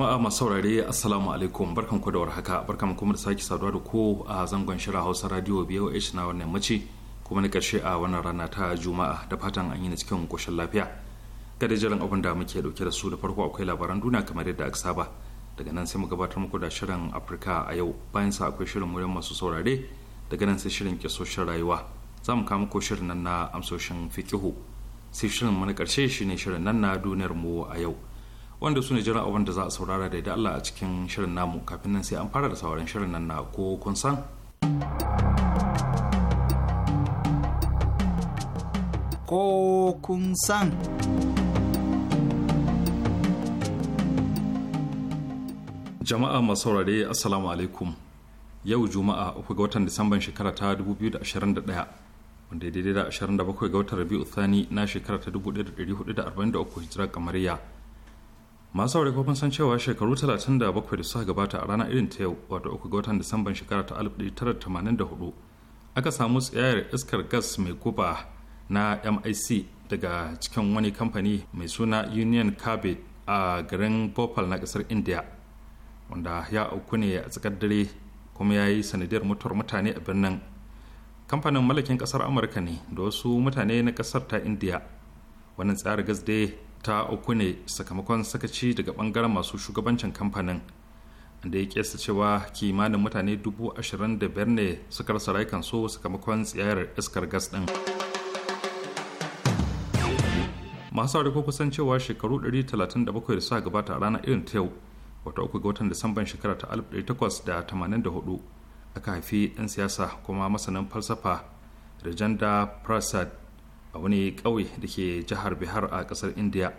jama'a masu saurare assalamu alaikum barkan ku da warhaka barkan kuma da sake saduwa da ku a zangon shirin hausa radio h na wannan mace kuma na karshe a wannan rana ta juma'a da fatan an yi na cikin koshin lafiya ga da jiran abin da muke dauke da su da farko akwai labaran duniya kamar yadda aka saba daga nan sai mu gabatar muku da shirin afirka a yau bayan sa akwai shirin muryar masu saurare daga nan sai shirin kisoshin rayuwa za mu kawo muku shirin nan na amsoshin fikihu sai shirin mu na karshe shine shirin nan na duniyar mu a yau wanda su ne jiran abin da za a saurara da idan Allah a cikin shirin namu kafin nan sai an fara da sauran shirin nan na ko kun san. Ko kun san. Jama'a masu saurare Assalamu alaikum. Yau Juma'a uku ga watan Disamban shekara ta 2021 wanda ya daidai da 27 ga watan Rabi'u Thani na shekara ta 1443 Hijira kamariya. masu aure kofin san cewa shekaru 37 da suka gabata a ranar irin ta yau wato uku ga watan disamban shekara ta 1984 aka samu tsayar iskar gas mai guba na mic daga cikin wani kamfani mai suna union carbide a garin bhopal na kasar india wanda ya auku ne a tsakar dare kuma ya yi sanadiyar mutuwar mutane a birnin kamfanin mallakin kasar amurka ne da wasu mutane na kasar ta india wannan tsarin gas dai ta uku ne sakamakon sakaci daga bangaren masu shugabancin kamfanin da ya kesa cewa kimanin mutane dubu ashirin da biyar ne suka rasa rayukansu sakamakon tsayar iskar gas din masu ko kusan cewa shekaru 137 da suka gabata a ranar irin ta yau wata uku ga watan disamban shekara ta 1884 aka haifi yan siyasa kuma masanin falsafa rajanda prasad a wani ƙauye da ke jihar bihar a ƙasar indiya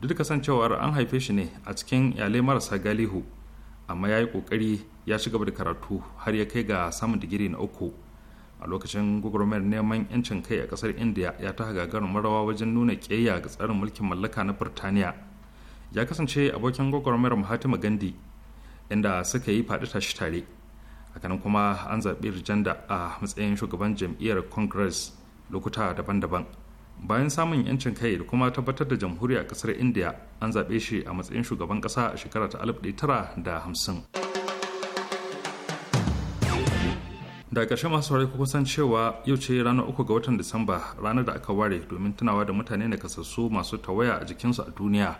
duk da kasancewar an haife shi ne a cikin iyalai marasa galihu amma ya yi ƙoƙari ya ci gaba da karatu har ya kai ga samun digiri na uku a lokacin gwagwarmayar neman yancin kai a ƙasar indiya ya ta gagarin marawa wajen nuna ƙeya ga tsarin mulkin mallaka na birtaniya ya kasance abokin gwagwarmayar mahatma gandhi inda suka yi faɗi tashi tare hakanan kuma an zaɓi rijanda a matsayin shugaban jam'iyyar congress lokuta daban-daban bayan samun yancin kai da kuma tabbatar da jamhuriya a kasar india an zaɓe shi a matsayin shugaban ƙasa a shekara ta 1950 da hamsin. da ƙarshe masu saurari ku kusan cewa yau ce ranar uku ga watan disamba ranar da aka ware domin tunawa da mutane na kasassu masu tawaya a jikinsu a duniya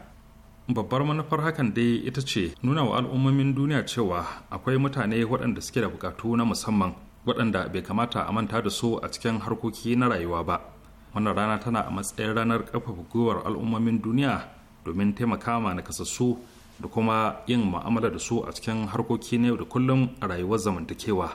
babbar manufar hakan dai ita ce nuna wa al'ummomin duniya cewa akwai mutane waɗanda suke da bukatu na musamman waɗanda bai kamata a manta da su a cikin harkoki na rayuwa ba wannan rana tana a matsayin ranar ƙarfafa gwiwar al'ummomin duniya domin taimaka ma nakasassu da kuma yin ma'amala da su a cikin harkoki na yau da kullum a rayuwar zamantakewa.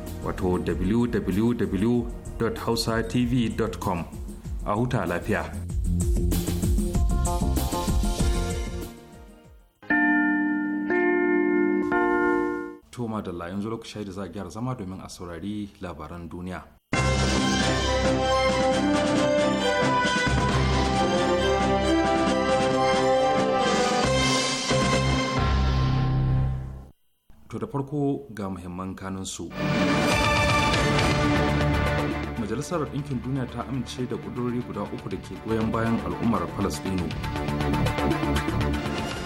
wato www.hausatv.com a huta lafiya. Toma da layin zuwa ku shaida za a gyara zama domin a saurari labaran duniya. To da farko ga muhimman kanunsu. Majalisar Ɗinkin Duniya ta amince da ƙudurori guda uku da ke goyon bayan al'ummar Falasɗinu.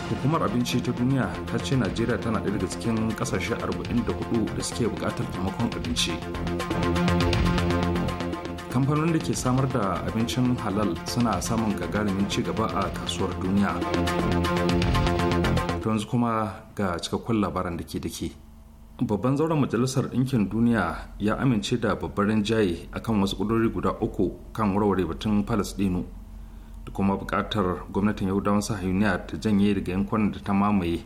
Hukumar Abinci ta Duniya ta ce Najeriya tana ɗaya daga cikin ƙasashe 44 da suke buƙatar taimakon abinci. kamfanonin da ke samar da abincin halal suna samun gagarumin ci gaba a kasuwar duniya. to yanzu kuma ga cikakkun labaran da ke da ke babban zauren majalisar ɗinkin duniya ya amince da babbar rinjaye akan wasu ƙudurori guda uku kan warware batun palestino da kuma buƙatar gwamnatin yahudawan sahayuniya ta janye daga yankunan da ta mamaye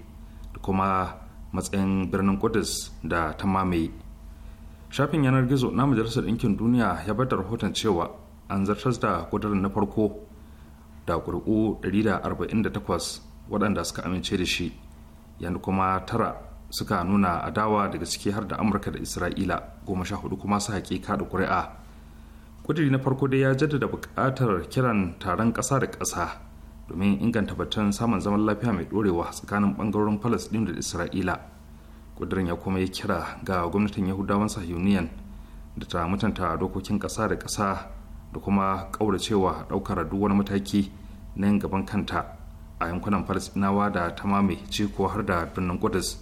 da kuma matsayin birnin kudus da ta mamaye shafin yanar gizo na majalisar ɗinkin duniya ya bada rahoton cewa an zartar da ƙudurin na farko da ƙuri'u 148 waɗanda suka amince da shi yanzu kuma tara suka nuna adawa daga ciki har da amurka da isra'ila goma sha hudu kuma su hakika da ƙuri'a ƙudiri na farko dai ya jaddada buƙatar kiran taron ƙasa da ƙasa domin inganta batun samun zaman lafiya mai ɗorewa tsakanin ɓangarorin palestine da isra'ila ƙudirin ya kuma yi kira ga gwamnatin yahudawan sahiyuniyan da ta mutunta dokokin ƙasa da ƙasa da kuma ƙauracewa ɗaukar duk wani mataki na yin gaban kanta a yankunan falasinawa da ta mamaye ciko har da birnin kudus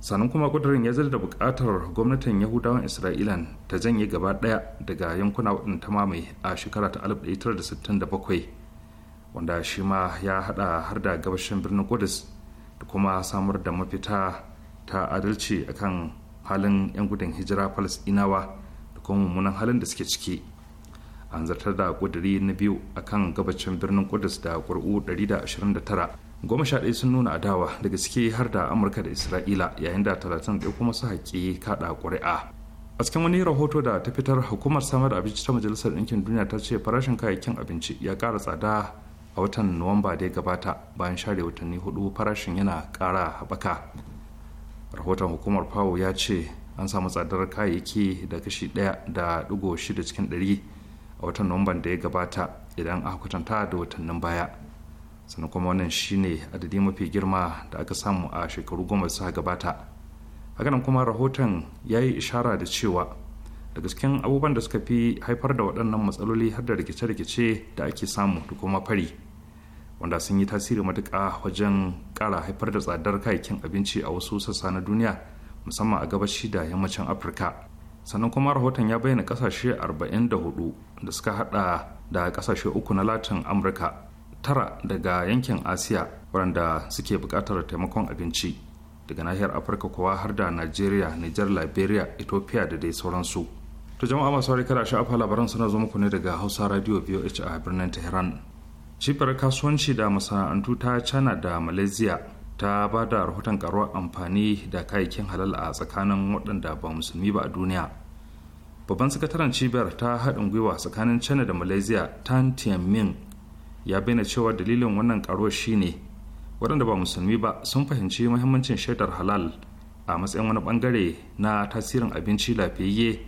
sannan kuma kudurin ya da bukatar gwamnatin yahudawan isra'ila ta janye gaba ɗaya daga yankuna waɗanda ta mamaye a shekara ta 1967 wanda shi ma ya haɗa har da gabashin birnin kudus da kuma samar da mafita ta adalci akan halin 'yan gudun hijira falasɗinawa da kuma mummunan halin da suke ciki an zartar da kudiri na biyu a kan gabacin birnin kudus da ƙuri'u 129 goma sha ɗaya sun nuna adawa daga ciki har da amurka da isra'ila yayin da talatin 31 kuma su haƙi kaɗa ƙuri'a a cikin wani rahoto da ta fitar hukumar samar da abinci ta majalisar ɗinkin duniya ta ce farashin kayayyakin abinci ya ƙara tsada a watan nuwamba da ya gabata bayan share watanni hudu farashin yana ƙara haɓaka rahoton hukumar fawo ya ce an samu tsadar kayayyaki da kashi ɗaya da ɗigo shida cikin ɗari a watan nomban da ya gabata idan aka kwatanta da watannin baya sannan kuma wannan shine adadi mafi girma da aka samu a shekaru goma su gabata hakanan kuma rahoton ya yi ishara da cewa daga cikin abubuwan da suka fi haifar da waɗannan matsaloli har da rikice-rikice da ake samu da kuma fari wanda sun yi tasiri matuƙa wajen ƙara haifar da tsadar kayayyakin abinci a wasu sassa na duniya musamman a gabashi da yammacin afirka sannan kuma rahoton ya bayyana kasashe 44 da suka hada da kasashe uku na latin amurka tara daga yankin asiya waɗanda suke buƙatar taimakon abinci daga nahiyar afirka kowa har da nigeria niger liberia ethiopia da dai sauransu to jama'a masu harika da sha'afa labaran suna zo muku ne daga hausa radio voh a birnin tehran cibiyar kasuwanci da masana'antu ta china da malaysia ta ba da rahoton karuwar amfani da kayayyakin halal a tsakanin waɗanda ba musulmi ba a duniya babban sakataren cibiyar ta haɗin gwiwa tsakanin china da malaysia tan tianmin ya bayyana cewa dalilin wannan karuwar shine waɗanda ba musulmi ba sun fahimci muhimmancin shaidar halal a matsayin wani bangare na tasirin abinci lafiyayye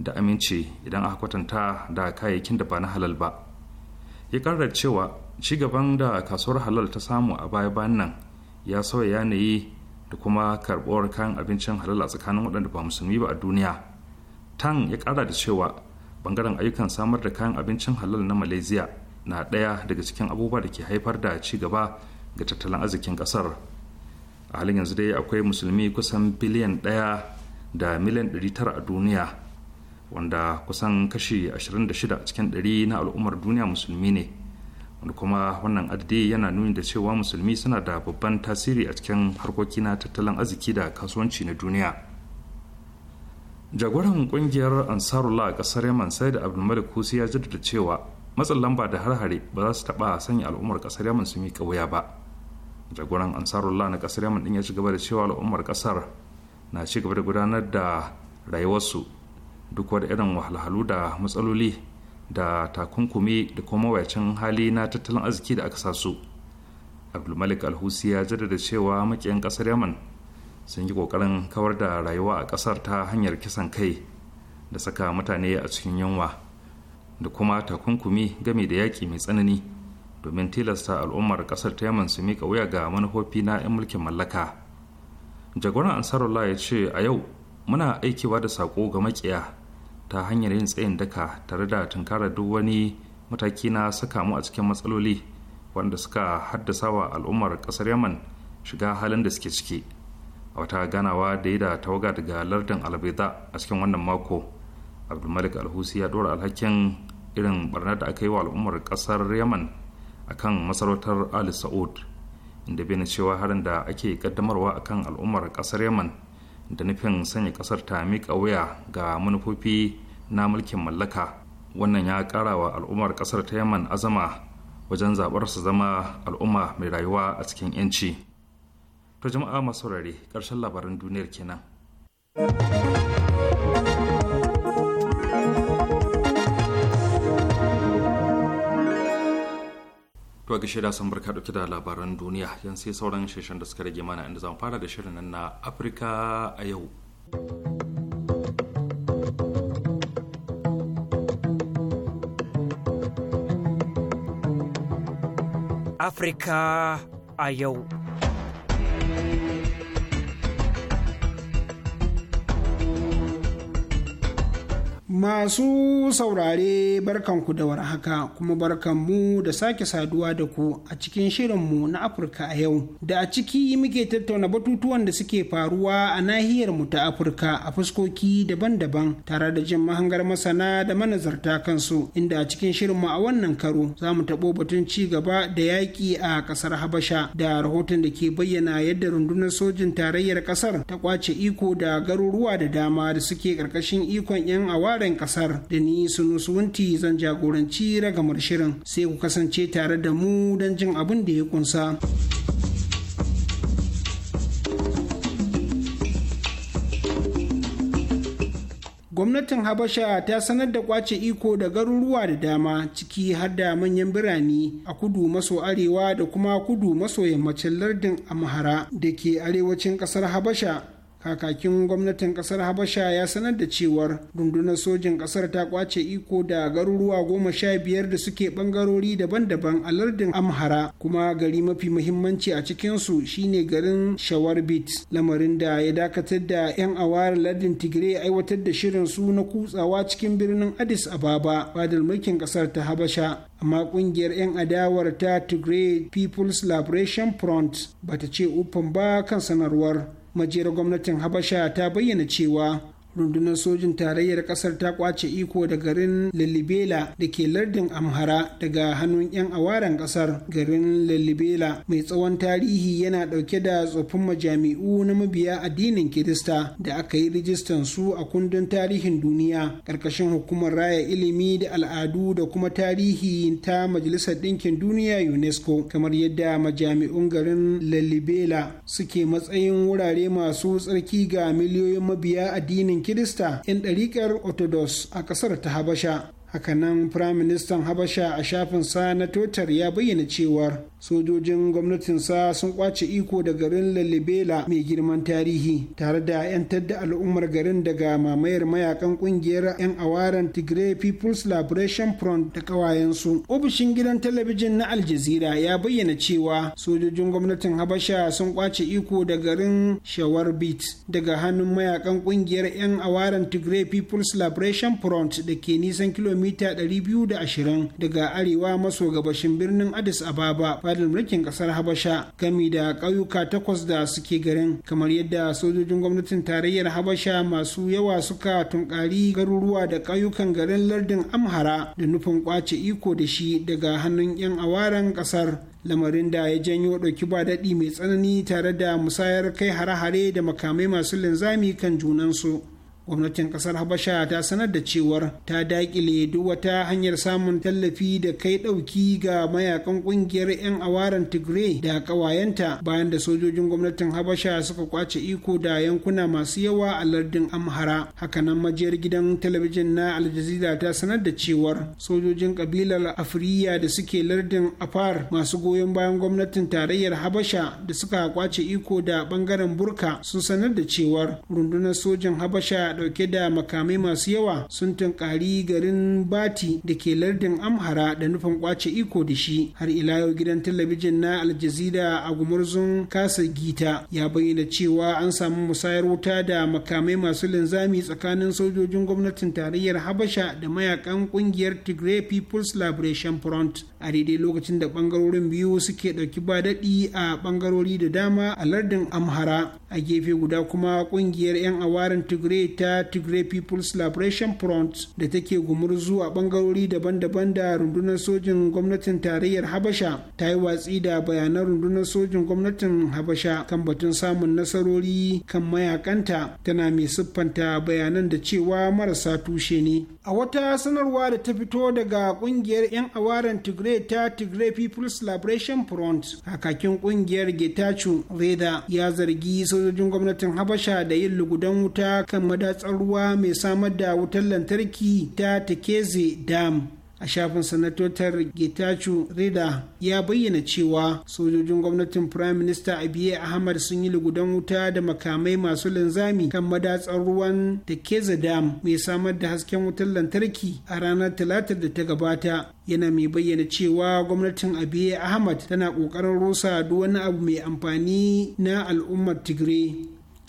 da aminci idan aka kwatanta da kayayyakin da ba na halal ba ya ƙarar cewa ci gaban da kasuwar halal ta samu a baya-bayan nan ya sauya yanayi da kuma karbuwar kayan abincin halal a tsakanin waɗanda ba musulmi ba a duniya tan ya ƙara da cewa bangaren ayyukan samar da kayan abincin halal na malaysia na ɗaya daga cikin abubuwa da ke haifar da ci gaba ga tattalin arzikin ƙasar a halin yanzu dai akwai musulmi kusan biliyan ɗaya da miliyan ɗari tara a duniya wanda kusan kashi 26 cikin ɗari na al'ummar duniya musulmi ne wanda kuma wannan adadi yana nuni da cewa musulmi suna da babban tasiri a cikin harkoki na tattalin arziki da kasuwanci na duniya jagoran kungiyar ansarullah a kasar yaman sai da abdulmalik kusi ya jaddada cewa matsin lamba da harhare ba za su taba sanya al'ummar kasar yaman su yi wuya ba jagoran ansarullah na kasar yaman din ya ci gaba da cewa al'ummar kasar na ci gaba da gudanar da rayuwarsu duk wani irin wahalhalu da matsaloli da takunkumi da kuma mawacin hali na tattalin arziki da aka sa su abdulmalik alhusi ya jaddada cewa makiyan kasar yaman sun yi kokarin kawar da rayuwa a kasar ta hanyar kisan kai da saka mutane a cikin yunwa da kuma takunkumi game da yaƙi mai tsanani domin tilasta al'ummar kasar ta yaman su mika wuya ga manufofi na 'yan mulkin mallaka jagoran ansarullah ya ce a yau muna aikewa da saƙo ga makiya ta hanyar yin tsayin daka tare da tunkarar duk wani mataki na saka mu a cikin matsaloli wanda suka haddasa wa al'ummar kasar yaman shiga halin da suke ciki a wata ganawa da ya da tawaga daga lardin albaida a cikin wannan mako abdulmalik alhusi ya dora alhakin irin ɓarnar da aka yi wa al'ummar kasar yaman akan masarautar ali sa'ud inda bai cewa harin da ake kaddamarwa akan al'ummar kasar yaman da nufin sanya kasar ta miƙa wuya ga manufofi na mulkin mallaka wannan ya ƙara wa al'ummar kasar ta yaman azama wajen zaɓar su zama al'umma mai rayuwa a cikin 'yanci to jama'a masu rare ƙarshen labaran duniyar kenan. To ga shaida san barka dauke da labaran duniya yan sai sauran shirin da suka rage mana inda zamu fara da shirin nan na Afirka a yau. Afirka a yau. Masu saurare barkanku da warhaka kuma barkanmu da sake saduwa da ku a cikin shirinmu na Afirka a yau da a ciki muke tattauna batutuwan da suke faruwa a nahiyar mu ta Afirka a fuskoki daban-daban tare da jin mahangar masana da manazarta kansu inda a cikin shirinmu a wannan karo za mu taɓo batun ci gaba da yaƙi a ƙasar Habasha da rahoton da ke bayyana yadda rundunar sojin tarayyar ƙasar ta kwace iko da garuruwa da dama da suke ƙarƙashin ikon 'yan awaren tarin kasar da ni sunu suwunti zan jagoranci ragamar shirin sai ku kasance tare da mu don jin abin da ya kunsa. gwamnatin habasha ta sanar da kwace iko da garuruwa da dama ciki har da manyan birane a kudu maso arewa da kuma kudu maso yammacin lardin amhara da ke arewacin kasar habasha kakakin gwamnatin kasar habasha ya sanar da cewar rundunar sojin kasar ta kwace iko da garuruwa goma sha biyar da suke bangarori daban-daban a lardin amhara kuma gari mafi muhimmanci a cikinsu shine garin shawarbit lamarin da ya dakatar da 'yan awar lardin tigray aiwatar da shirin su na kutsawa cikin birnin addis ababa fadar mulkin kasar ta habasha amma kungiyar 'yan adawar ta tigray people's liberation front bata ce ufan ba kan sanarwar majiyar gwamnatin habasha ta bayyana cewa rundunar sojin tarayyar kasar ta kwace iko da garin lalibela da ke lardin amhara daga hannun 'yan awaren kasar garin lalibela mai tsawon tarihi yana dauke da tsoffin majami'u na mabiya addinin kirista da aka yi rijistan su a kundin tarihin duniya ƙarƙashin hukumar raya ilimi da al'adu da kuma tarihi ta majalisar ɗinkin duniya unesco kamar yadda majami'un garin lalibela suke matsayin wurare masu tsarki ga miliyoyin mabiya addinin kirista 'yan ɗariƙar orthodox a ƙasar ta habasha hakanan firaministan habasha a shafin sa na totar ya bayyana cewar sojojin gwamnatin gwamnatinsa sun kwace iko da garin lalibela mai girman tarihi tare da 'yan tadda al'ummar garin daga mamayar mayakan kungiyar 'yan awaren tigray people's liberation front da kawayensu ofishin gidan talabijin na aljazira ya bayyana cewa sojojin gwamnatin habasha sun kwace iko da garin shawarbit daga hannun mayakan kungiyar 'yan awaren tigray people's liberation front da ke nisan kilomita 220 daga arewa maso gabashin birnin addis ababa fadar mulkin kasar habasha gami da ƙauyuka takwas da suke garin kamar yadda sojojin gwamnatin tarayyar habasha masu yawa suka tunkari garuruwa da ƙauyukan garin lardin amhara da nufin kwace iko da shi daga hannun 'yan awaren kasar lamarin da ya janyo ɗauki ba daɗi mai tsanani tare da musayar kai hare-hare da makamai masu linzami kan junansu. gwamnatin kasar habasha ta sanar da cewar ta dakile duk wata hanyar samun tallafi da kai dauki ga mayakan kungiyar 'yan awaran tigray da kawayenta bayan da sojojin gwamnatin habasha suka kwace iko da yankuna masu yawa a lardin amhara hakanan majiyar gidan talabijin na aljazira ta sanar da cewar sojojin kabilar afiriya da suke lardin afar masu goyon bayan gwamnatin tarayyar habasha da suka kwace iko da bangaren burka sun sanar da cewar rundunar sojin habasha a dauke da makamai masu yawa sun tunkari garin bati da ke lardin amhara da nufin kwace iko da shi har ila yau gidan talabijin na aljazira a gumurzun kasa gita ya bayyana cewa an samu musayar wuta da makamai masu linzami tsakanin sojojin gwamnatin tarayyar habasha da mayakan kungiyar tigray people's liberation front a daidai lokacin da bangarorin biyu suke dauki ba daɗi a bangarori da dama a lardin amhara a gefe guda kuma kungiyar 'yan awarin tigray ta tigray people's liberation front da take gumurzu a bangarori daban-daban da rundunar sojin gwamnatin tarayyar habasha ta yi watsi da bayanan rundunar sojin gwamnatin habasha kan batun samun nasarori kan mayakanta tana mai siffanta bayanan da cewa marasa tushe ne a wata sanarwa da ta fito daga kungiyar 'yan awaren tigray ta tigray people's liberation front kakakin kungiyar getachu reda ya zargi sojojin gwamnatin habasha da yin lugudan wuta kan madar matatsar ruwa mai samar da wutar lantarki ta takeze Dam. a shafin sanatotar getachu Rida ya bayyana cewa sojojin gwamnatin prime minister abiy ahmad sun yi lugudan wuta da makamai masu linzami kan madatsar ruwan da keza dam mai samar da hasken wutar lantarki a ranar talatar da ta gabata yana mai bayyana cewa gwamnatin abiy ahmad tana kokarin rusa duk wani abu mai amfani na al'ummar tigray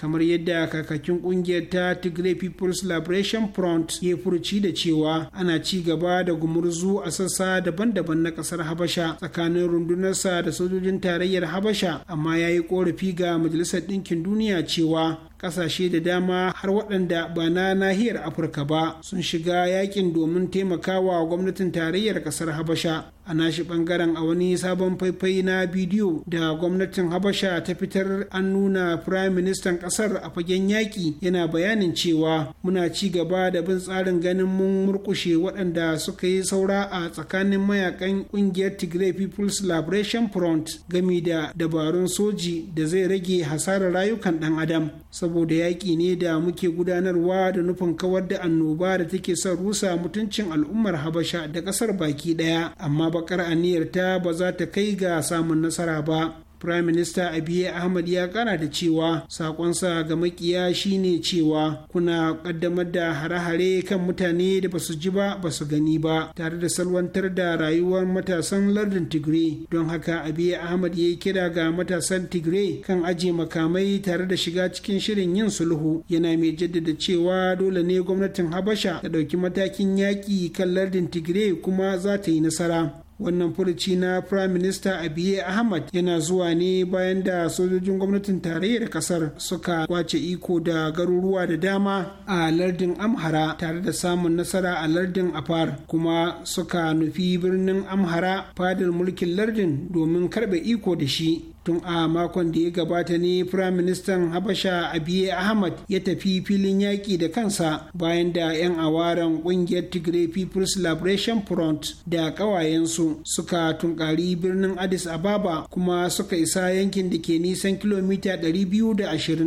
kamar yadda kakakin kungiyar ta Tigray People's Liberation Front ya furci da cewa ana ci gaba da gumurzu a sassa daban-daban na kasar Habasha tsakanin rundunarsa da sojojin tarayyar Habasha amma ya yi ƙorafi ga Majalisar Ɗinkin Duniya cewa kasashe da dama har waɗanda ba na nahiyar afirka ba sun shiga yakin domin taimakawa gwamnatin tarayyar ƙasar habasha a nashi bangaren a wani sabon faifai na bidiyo da gwamnatin habasha ta fitar an nuna prime ministan kasar a fagen yaƙi yana bayanin cewa muna ci gaba da bin tsarin ganin mun murkushe waɗanda suka yi saura a tsakanin mayakan ƙungiyar tigray people's liberation front gami da dabarun soji da zai rage hasarar rayukan ɗan adam saboda yaƙi ne da muke gudanarwa da nufin kawar da annoba da take son rusa mutuncin al'ummar habasha da ƙasar baki ɗaya amma bakar aniyar ta ba za ta kai ga samun nasara ba Prime Minister Abiy Ahmad ya kara da cewa sakonsa ga makiya shine cewa kuna kaddamar da hare-hare kan mutane da basu ji ba basu gani ba tare da salwantar da rayuwar matasan lardin Tigray don haka Abiy Ahmad ya kira ga matasan Tigray kan aje makamai tare da shiga cikin shirin yin sulhu yana mai jaddada cewa dole ne gwamnatin Habasha ta ɗauki matakin yaki kan lardin Tigray kuma za ta yi nasara wannan furuci na prime minister abiye ahmad yana zuwa ne bayan da sojojin gwamnatin tarayyar kasar suka kwace iko da garuruwa da dama a lardin amhara tare da samun nasara a lardin afar kuma suka nufi birnin amhara fadar mulkin lardin domin karbe iko da shi tun a makon da ya gabata ne firaministan habasha abiye ahmad ya tafi filin yaƙi da kansa bayan da 'yan awaren ƙungiyar tigray people's liberation front da ƙawayensu suka tunƙari birnin addis ababa kuma suka isa yankin da ke nisan kilomita 220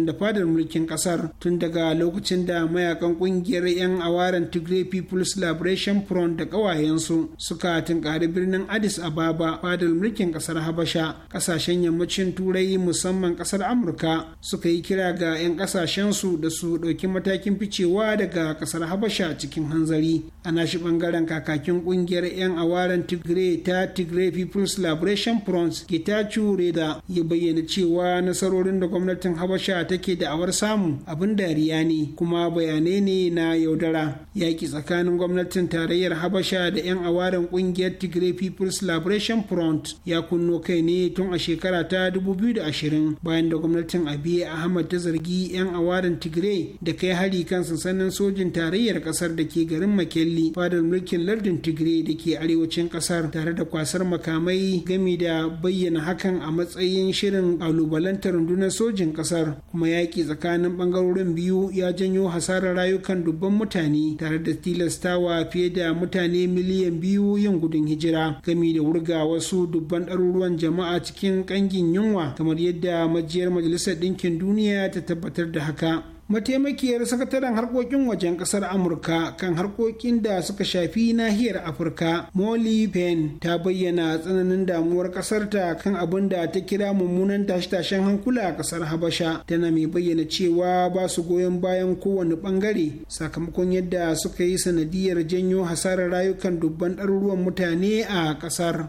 da fadar mulkin ƙasar tun daga lokacin da mayakan ƙungiyar 'yan awaren tigray people's liberation front da ƙawayensu suka tunkari birnin addis ababa fadar mulkin ƙasar habasha ƙasashen yamma yammacin turai musamman kasar amurka suka yi kira ga 'yan kasashensu da su ɗauki matakin ficewa daga kasar habasha cikin hanzari a shi ɓangaren kakakin ƙungiyar 'yan awaren tigray ta tigray people's liberation front getachew reda ya bayyana cewa nasarorin da gwamnatin habasha take da'awar samu abin dariya ne kuma bayanai ne na yaudara yaƙi tsakanin gwamnatin tarayyar habasha da 'yan awaren ƙungiyar tigray people's liberation front ya kunno kai ne tun a shekara ta ta 2020 bayan da gwamnatin abiy ahmad ta zargi 'yan awarin tigray da kai hari kan sansanin sojin tarayyar kasar da ke garin makelli fadar mulkin lardin tigray da ke arewacin kasar tare da kwasar makamai gami da bayyana hakan a matsayin shirin kalubalantar rundunar sojin kasar kuma yaƙi tsakanin bangarorin biyu ya janyo hasarar rayukan dubban mutane tare da tilastawa fiye da mutane miliyan biyu yin gudun hijira gami da wurga wasu dubban ɗaruruwan jama'a cikin ƙangin jin yunwa kamar yadda majiyar majalisar ɗinkin duniya ta tabbatar da haka mataimakiyar sakataren harkokin wajen kasar amurka kan harkokin da suka shafi nahiyar afirka molly pen ta bayyana tsananin damuwar kasarta kan abin da ta kira mummunan tashe-tashen hankula a kasar habasha tana mai bayyana cewa ba su goyon bayan kowane bangare sakamakon yadda suka yi sanadiyar janyo hasarar rayukan dubban ɗaruruwan mutane a kasar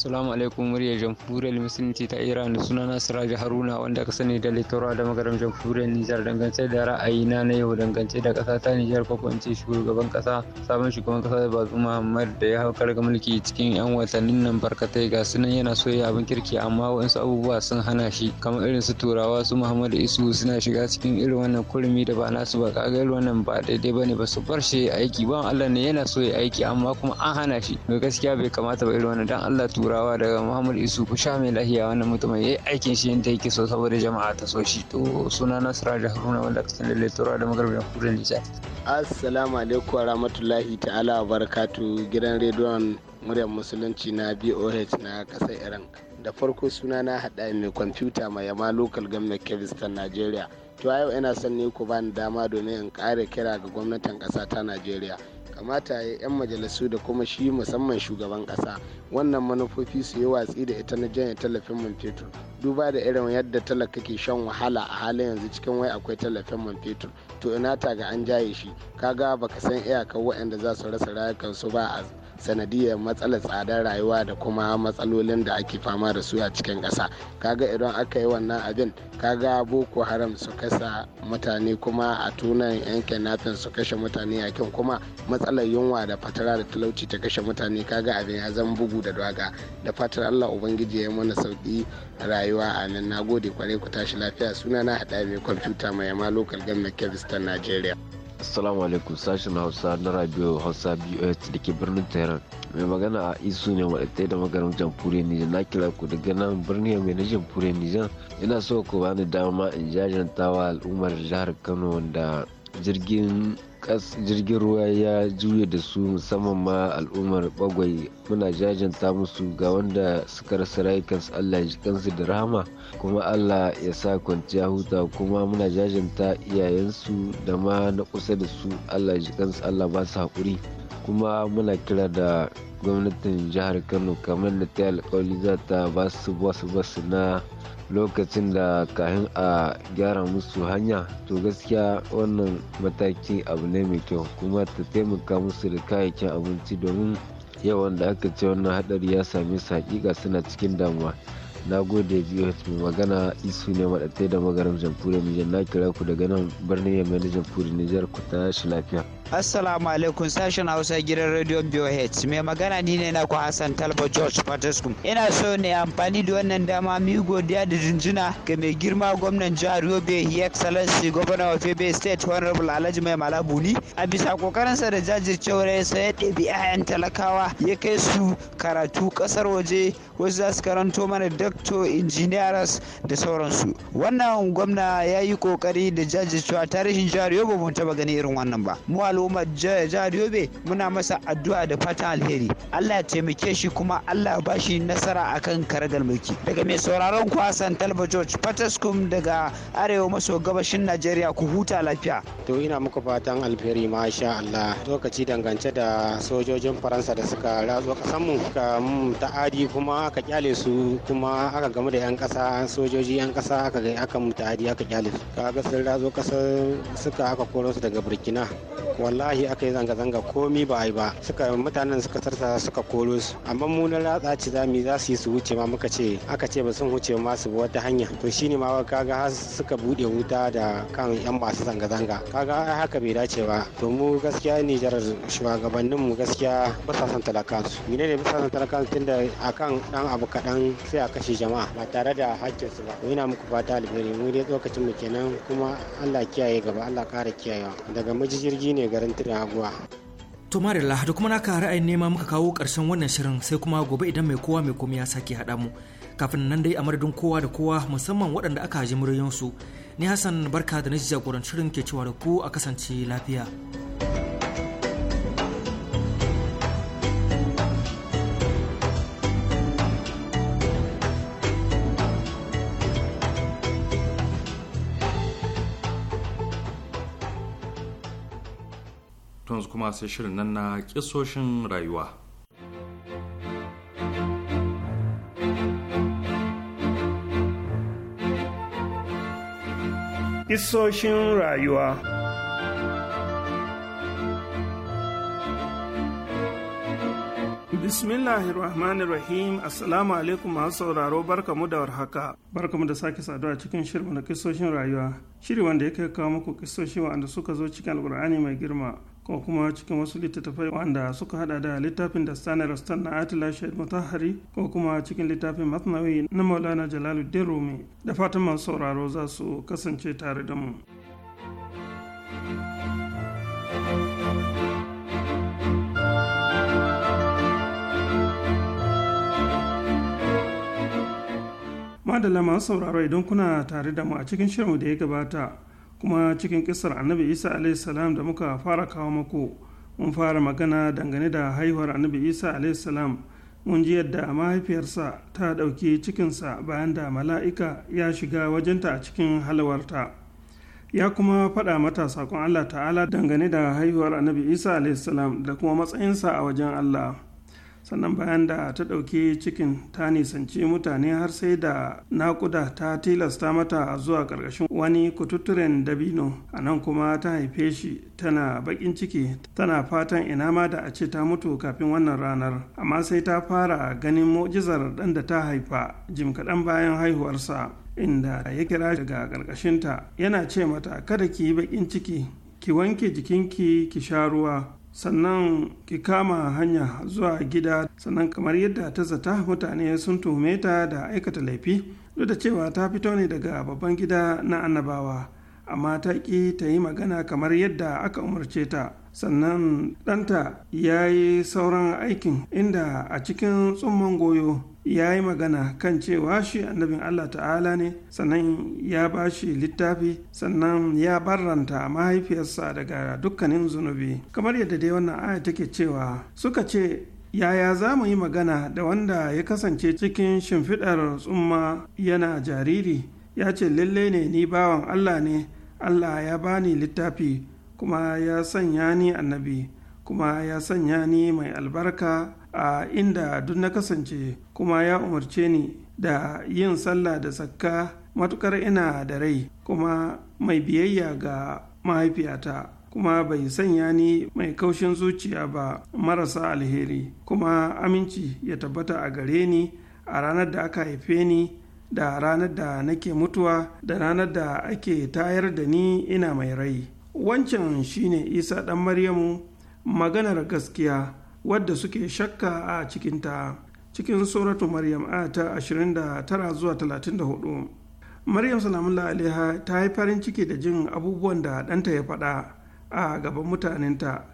Assalamu alaikum muryar jamhuriyar musulunci ta Iran nasira ji Haruna wanda ka sani da littara da magaram jamhuriyar Nijar dangance da ra'ayi na na yau dangance da ƙasa ta Nijar ko kwance shugaban ƙasa sabon shugaban ƙasa Bazu Muhammad da ya hau karga mulki cikin 'yan watannin nan barkatai ga sunan yana so ya abin kirki amma waɗansu abubuwa sun hana shi kamar irin su turawa su Muhammad Isu suna shiga cikin irin wannan kurmi da ba nasu ba kaga irin wannan ba daidai bane ba su bar shi aiki ba Allah ne yana so ya aiki amma kuma an hana shi gaskiya bai kamata ba irin wannan dan Allah tura turawa daga muhammad isufu sha mai lahiya wannan mutumin ya yi aikin shi yadda yake so saboda jama'a ta so shi to suna nasara da haruna wanda aka sanar da turawa da na kudin nijar assalamu alaikum wa rahmatullahi ta'ala wa barakatu gidan rediyon muryar musulunci na boh na kasar iran da farko suna na haɗa mai kwamfuta mai yama local government kevistan nigeria to yau ina son ne ku bani dama domin in kare kira ga gwamnatin ƙasa ta najeriya kamata ya 'yan majalisu da kuma shi musamman shugaban kasa wannan manufofi su yi watsi da ita na janye tallafin man fetur duba da irin yadda talaka ke shan wahala a halin yanzu cikin wai akwai tallafin man fetur to ina ta ga an jaye shi kaga baka san iyakar waɗanda za su rasa rayukansu ba a sanadiyar matsalar tsadar rayuwa da kuma matsalolin da ake fama da su a cikin ƙasa kaga idan aka yi wannan abin kaga boko haram su kasa mutane kuma a tunan yan kidnapping su kashe mutane a kyan kuma matsalar yunwa da fatara da talauci ta kashe mutane kaga abin ya zama bugu da daga da fatar allah ubangiji ya mana sauki rayuwa a nan na gode kwarai ku tashi lafiya suna na haɗa mai kwamfuta mai yama lokal gan kebistan najeriya Assalamu alaikum sashen Hausa na Radio Hausa BOS da ke birnin Tehran. Mai magana a isu ne wadatai da magarin jamhuriyar Nijar na kira ku daga nan birnin mai na jamhuriyar Nijar. Ina so ku bani dama in jajantawa al'ummar jihar Kano wanda jirgin kas jirgin ruwa ya juya da su musamman ma al'ummar bagwai muna jajanta musu ga wanda suka rasa rayukansu allah ji kansu da rahama kuma allah ya sa kwanciya huta kuma muna jajanta iyayensu da ma na kusa da su allah ji kansu allah ba su haƙuri kuma muna kira da gwamnatin jihar kano kamar da ta yi alkawali za ta ba su basu basu na lokacin da kahin a gyara musu hanya to gaskiya wannan mataki abu ne mai kyau kuma ta taimaka musu da kayayyakin abinci domin yawan da aka ce wannan hadari ya same su hakika suna cikin damuwa na gode jihar mai magana isu ne maɗatai da magarin jamfuri nijar na kira ku daga nan birnin yamma na nijar ku tashi lafiya Assalamu alaikum sashen Hausa gidan Radio BOH. Mai magana ni ne na ku Hassan Talba George Patescu. Ina so ne amfani da wannan dama mu godiya da jinjina ga mai girma gwamnan jihar Yobe His Excellency Governor of Yobe State Honorable Alhaji Mai Malabuni a bisa kokarinsa da jajircewar ya ya ɗabi'a 'ya'yan talakawa ya kai su karatu ƙasar waje wasu za su karanto mana da rector engineers da sauransu wannan gwamna ya yi kokari da jajircewa tarihin jihar yobe mun taba gani irin wannan ba mu al'ummar jihar yobe muna masa addu'a da fatan alheri allah ya taimake shi kuma allah ya bashi nasara akan karagar mulki daga mai sauraron ku hassan talba george daga arewa maso gabashin najeriya ku huta lafiya to ina muku fatan alheri masha allah lokaci dangance da sojojin faransa da suka ratso kasanmu ka ta'adi kuma ka kyale su kuma aka gamu da 'yan kasa sojoji 'yan kasa aka ga aka mutu adi aka kyalif kaga sun razo kasar suka aka koro su daga burkina wallahi aka yi zanga-zanga komi ba a yi ba suka mutanen suka tarsa suka koro su amma mu na ratsa ci zami za su yi su wuce ma muka ce aka ce ba sun wuce ma su wata hanya to shine ma kaga har suka bude wuta da kan 'yan masu zanga-zanga kaga haka bai dace ba to mu gaskiya Nijar shugabannin mu gaskiya ba sa son talaka su ne ba sa son tunda akan dan abu kaɗan sai a kashe kashe jama'a ba tare da hakkinsu ba yana muku fata alheri mu dai tsokacin mu kenan kuma Allah kiyaye gaba Allah kara kiyayewa daga majijirgi ne garin Tiraguwa To Marilla da kuma naka ra'ayin nema muka kawo karshen wannan shirin sai kuma gobe idan mai kowa mai komai ya sake haɗa mu. Kafin nan dai a madadin kowa da kowa musamman waɗanda aka ji muryoyinsu. Ni Hassan barka da na jagorancin shirin ke cewa da ku a kasance lafiya. yanzu kuma sai shirin nan na kisoshin rayuwa Kisoshin rayuwa Bismillahir Rahmanir Rahim Assalamu alaikum masu sauraro barkamu da warhaka barkamu da sake saduwa cikin shirin na kisoshin rayuwa shiri wanda ya kai kawo muku kisoshi wa'anda suka zo cikin alkur'ani mai girma ko kuma cikin wasu littattafai wanda suka hada da littafin da sani rastan na atila shaid mutahari ko kuma cikin littafin matnawi na maulana jalaluddin rumi da fatan masu sauraro za su kasance tare da mu. madalla masu sauraro idan kuna tare da mu a cikin shirin da ya gabata kuma cikin kisar annabi isa salam da muka fara kawo mako mun fara magana dangane da haihuwar annabi isa salam mun ji yadda mahaifiyarsa ta ɗauki cikinsa bayan da mala'ika ya shiga wajenta a cikin halawarta ya kuma faɗa mata saƙon allah ta'ala dangane da haihuwar annabi isa salam da kuma matsayinsa a wajen allah sannan bayan da ta ɗauki cikin ta nisanci mutane har sai da naƙuda ta tilasta mata zuwa ƙarƙashin wani kututturen dabino a nan kuma ta haife shi tana baƙin ciki tana fatan ina ma da a ce ta mutu kafin wannan ranar amma sai ta fara ganin mu'jizar ɗan da ta haifa jim kaɗan bayan haihuwarsa inda ya kira daga ƙarƙashinta yana ce mata kada ki yi baƙin ciki ki wanke jikinki ki sha ruwa sannan ki kama hanya zuwa gida sannan kamar yadda ta zata mutane sun tuhume ta da aikata laifi duk da cewa ta fito ne daga babban gida na annabawa amma ta ƙi ta yi magana kamar yadda aka umarce ta sannan ɗanta ya yi sauran aikin inda a cikin tsumman goyo ya yi magana kan cewa shi annabin Allah ta'ala ne sannan ya ba shi littafi sannan ya barranta mahaifiyarsa daga dukkanin zunubi kamar yadda dai wannan aya take cewa suka ce yaya za mu yi magana da wanda ya kasance cikin shimfiɗar tsumma yana jariri ya ce lalle ne ni bawan Allah ne Allah ya bani littafi kuma ya sanya ni annabi kuma ya sanya ni mai albarka a inda duk na kasance kuma ya umarce ni da yin sallah da sakka matukar ina da rai kuma mai biyayya ga mahaifiyata kuma bai sanya ni mai kaushin zuciya ba marasa alheri kuma aminci ya tabbata a gare ni a ranar da aka haife ni da ranar da nake mutuwa da ranar da ake tayar da ni ina mai rai wancan shine isa ɗan maryamu maganar gaskiya wadda suke shakka a cikinta cikin suratu maryam a ta 29 zuwa 34 maryam salamullah alaiha ta yi farin ciki da jin abubuwan da ɗanta ya faɗa a gaban mutanenta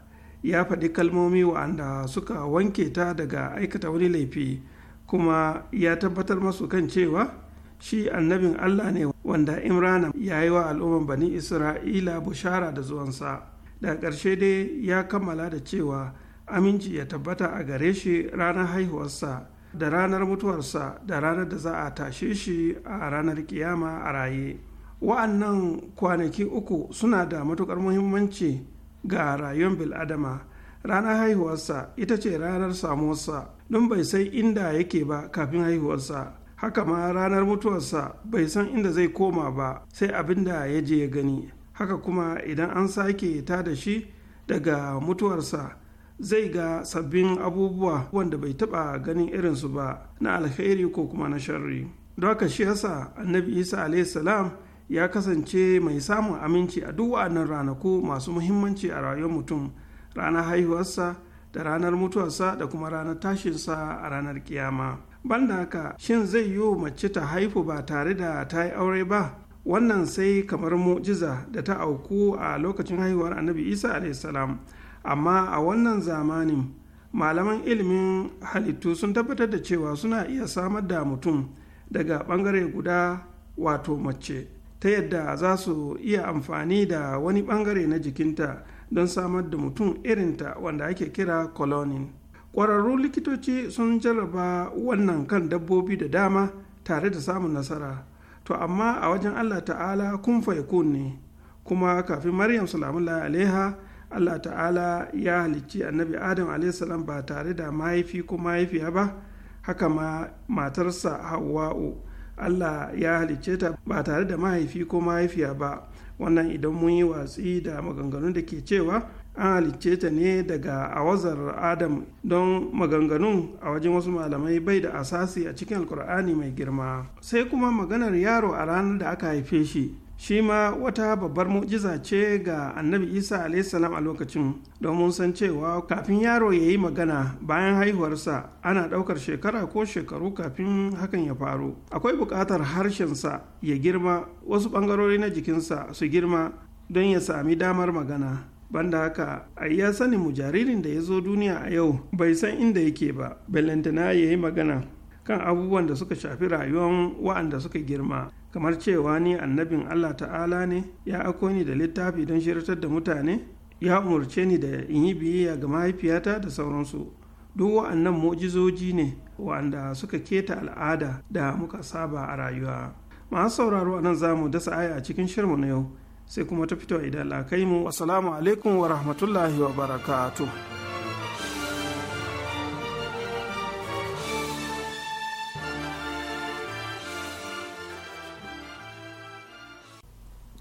ya faɗi kalmomi wa'anda suka wanke ta daga aikata wani laifi kuma ya tabbatar masu kan cewa shi annabin allah ne wanda imrana ya yi wa al'umman bani isra'ila bushara da zuwansa daga ƙarshe dai ya kammala da cewa aminci ya tabbata a gare shi ranar haihuwarsa da ranar mutuwarsa da ranar da za a tashe shi a ranar kiyama a raye wa'annan kwanaki uku suna da matukar muhimmanci ga rayuwar bil'adama ranar haihuwarsa ita ce ranar samuwarsa don bai sai inda yake ba kafin haihuwarsa haka ma ranar mutuwarsa bai san inda zai koma ba sai abin da ya je ya gani haka kuma idan an sake ta da shi daga mutuwarsa zai ga sabbin abubuwa wanda bai taɓa ganin irinsu ba na alkhairi ko kuma na sharri don haka shi yasa annabi isa salam ya kasance mai samun aminci a duk wa'annan ranaku masu muhimmanci a rayuwar mutum ranar haihuwarsa da ranar mutuwarsa da kuma ranar tashinsa a ranar kiyama banda haka shin zai yiwu mace ta haifu ba tare da ta yi aure ba wannan sai kamar mu'jiza da ta auku a lokacin haihuwar annabi isa salam amma a wannan zamanin malaman ilimin halittu sun tabbatar da cewa suna iya samar da mutum daga ɓangare guda wato mace ta yadda za su iya amfani da wani ɓangare na jikinta don samar da mutum irinta wanda ake kira colonin ƙwararru likitoci sun jarraba wannan kan dabbobi da dama tare da samun nasara to amma a wajen allah ta'ala kun faikun ne kuma kafin maryam salamullahi alaiha allah ta'ala ya halicci annabi adam salam ba tare da mahaifi ko mahaifiya ba haka ma matarsa hawa'u allah ya halicce ta ba tare da mahaifi ko mahaifiya ba wannan idan mun yi watsi da maganganun da ke cewa an halicce ta ne daga awazar adam don maganganun a wajen wasu malamai bai da asasi a cikin alkur'ani mai girma sai kuma maganar yaro a ranar da aka haife shi shi ma wata babbar mu'jiza ce ga annabi isa alaihissalam a lokacin domin san cewa kafin yaro ya yi magana bayan haihuwarsa ana ɗaukar shekara ko shekaru kafin hakan ya faru akwai buƙatar harshensa ya girma wasu ɓangarori na jikinsa su girma don ya sami damar magana banda haka ai ya sani mu jaririn da ya zo duniya a yau bai san inda yake ba bellantana ya yi magana kan abubuwan da suka shafi rayuwar wa'anda suka girma kamar cewa ni annabin Allah ta'ala ne ya ako ni da littafi don shiratar da mutane ya umarce ni da in yi biyayya ga mahaifiyata da sauransu duk wa'annan mu'jizoji ne wa'anda suka keta al'ada da muka saba a rayuwa masu sauraro a nan zamu dasa aya a cikin shirmu na yau sai kuma ta fito idan la kai mu assalamu alaikum wa rahmatullahi wa barakatuh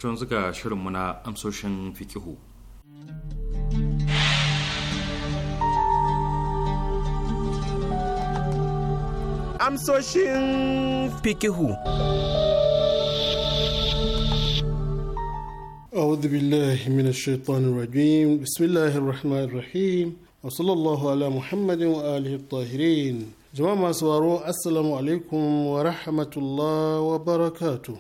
tun zuga shirinmu na amsoshin fikihu. Amsoshin fikihu. أعوذ بالله من الشيطان الرجيم بسم الله الرحمن الرحيم وصلى الله على محمد وآله الطاهرين جماعة سوارو السلام عليكم ورحمة الله وبركاته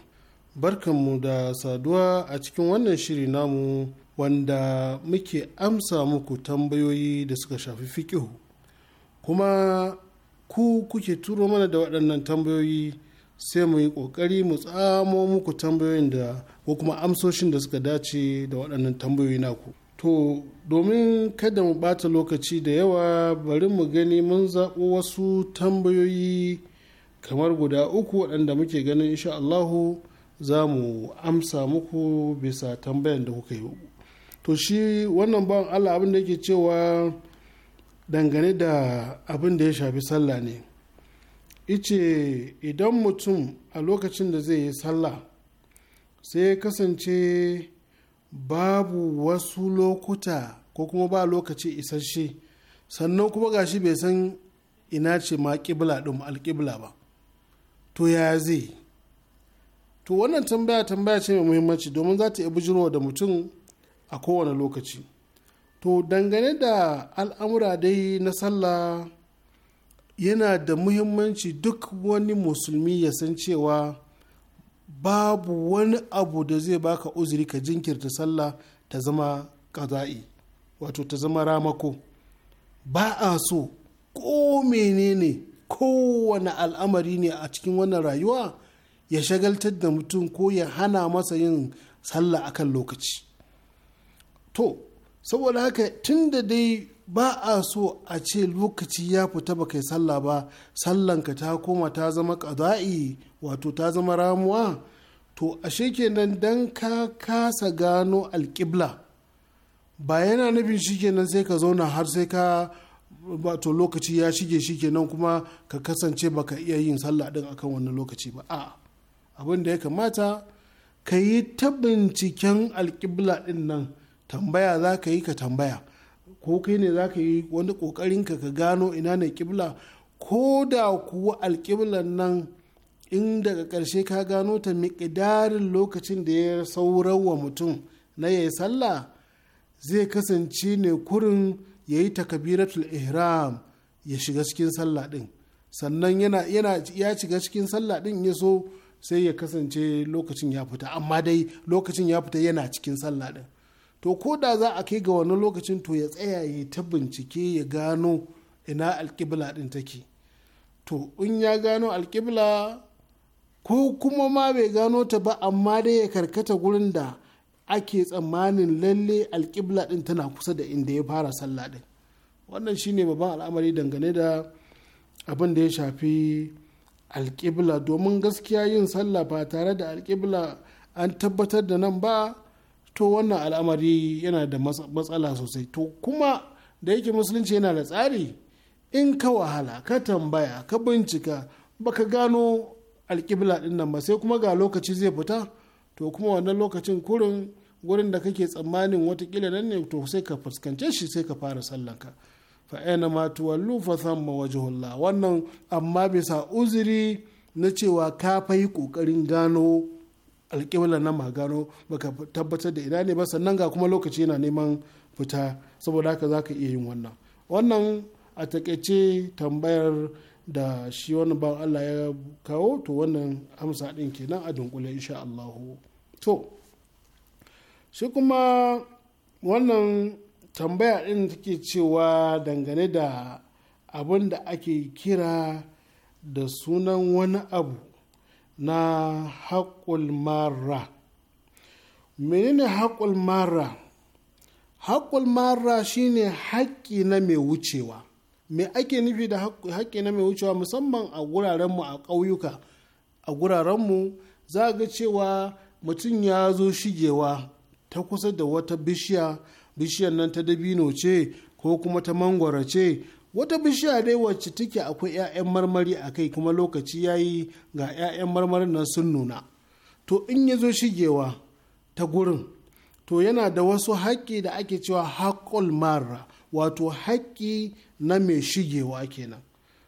barkanmu da saduwa a cikin wannan shiri namu wanda muke amsa muku tambayoyi da suka shafi fikihu kuma ku kuke turo mana da waɗannan tambayoyi sai mu yi ƙoƙari mu tsamo muku tambayoyin da ko kuma amsoshin da suka dace da waɗannan tambayoyi naku to domin kada mu ɓata lokaci da yawa bari mu gani mun zaɓo wasu tambayoyi kamar guda uku waɗanda muke ganin insha'Allahu. za mu amsa muku bisa tambayan da kuka yi to shi wannan ban allah abin da yake cewa dangane da abin da ya shafi sallah ne ice idan mutum a lokacin da zai yi sallah sai kasance babu wasu lokuta ko kuma ba lokaci isasshe sannan kuma gashi bai san ina ce ma kibla ɗin alkibla ba to ya zai to wannan tambaya tambaya ce mai muhimmanci domin za ta iya bujirwa da mutum a kowane lokaci to dangane da al'amura dai na sallah yana da muhimmanci duk wani musulmi ya san cewa babu wani abu da zai baka uzuri ka jinkirta sallah ta zama kaza'i wato ta zama ramako ba a so ko menene kowane al'amari ne a cikin wannan rayuwa ya shagaltar da mutum ko ya hana masa yin sallah akan lokaci to saboda haka tun da dai ba a so a ce lokaci ya fita ba kai sallah ba sallanka ta koma ta zama ƙada'i wato ta zama ramuwa to ashe nan don ka kasa gano alƙibla ba yana nufin shikenan sai ka zauna har sai ka wato lokaci ya shige shikenan kuma ka kasance baka iya yin sallah din akan wannan lokaci ba a'a abin da ya kamata ka yi ta binciken alkibla ɗin nan tambaya za ka yi ka tambaya ko kai ne za ka yi wani kokarin ka ka gano ina ne ƙibla ko da kuwa alƙiblan nan in daga karshe ka gano ta miƙidarin lokacin da ya saurar wa mutum na yayi sallah zai kasance ne kurin ya yi takabiratul ihram ya shiga cikin sallah ɗin sannan yana ya shiga cikin sallah ɗin ya so sai ya kasance lokacin ya fita amma dai lokacin ya fita yana cikin sallah din to ko da za a kai ga wani lokacin to ya tsaya ya ta bincike ya gano ina alkibla din take to in ya gano alkibla ko kuma ma bai gano ta ba amma dai ya karkata gurin da ake tsammanin lalle alkibla din tana kusa da inda ya fara sallah din wannan shine babban al'amari dangane da abin da ya shafi alƙibla domin gaskiya yin sallah ba tare da alƙibla an tabbatar da nan ba to wannan al'amari yana da matsala sosai to kuma da yake musulunci yana da tsari in ka wahala ka tambaya ka bincika baka gano alƙibla ɗin nan ba sai kuma ga lokaci zai fita to kuma wannan lokacin kurin gurin da kake tsammanin watakila nan ne to sai ka fuskance shi sai ka fara sallanka. ka fa'ina ma tuwallu fa samma wajhullah wannan amma bisa uzuri na cewa ka fayi kokarin gano alƙibla na ma gano baka tabbatar da ina ne ba sannan ga kuma lokaci yana neman fita saboda haka zaka iya yin wannan wannan a takaice tambayar da shi wani ban Allah ya kawo to wannan amsa din kenan a dunkule insha Allah to shi kuma wannan tambaya ɗin take cewa dangane da abin da ake kira da sunan wani abu na haƙul mara menene haƙul mara haƙul mara shine haƙƙi na mai wucewa me ake nufi da haƙƙi na mai wucewa musamman a gurarenmu a ƙauyuka a gurarenmu za ga cewa mutum ya zo shigewa ta kusa da wata bishiya bishiyar nan ta dabino ce ko kuma ta mangwara ce wata bishiya dai wacce take akwai 'ya'yan marmari a kai kuma lokaci ya yi ga 'ya'yan marmarin nan sun nuna to in ya zo shigewa ta gurin to yana da wasu haƙƙi da ake cewa haƙƙul mara wato haƙƙi na mai shigewa kenan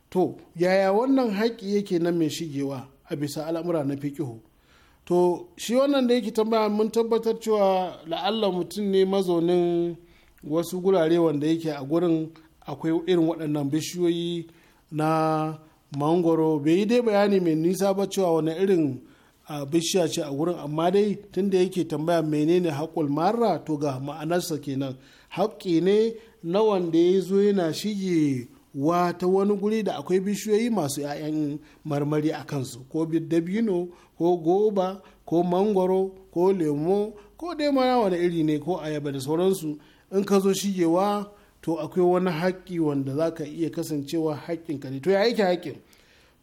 to yaya wannan haƙƙi yake na mai shigewa a bisa al'amura na fiƙihu to shi wannan da yake tambaya mun tabbatar cewa la'alla mutum ne mazaunin wasu gurare wanda yake a gurin akwai irin waɗannan bishiyoyi na mangoro bai yi dai bayani mai nisa ba cewa wani irin bishiya ce a gurin amma dai tunda yake tambaya menene haƙul mara to ga ma'anarsa kenan haƙƙi ne na wanda ya zo yana shige wa ta wani guri da akwai bishiyoyi masu 'ya'yan marmari a kansu ko dabino ko goba ko mangoro ko lemo ko dai mara wani iri ne ko ayaba da sauransu in ka zo shigewa to akwai wani haƙƙi wanda za ka iya kasancewa ka ne to ya yake haƙƙin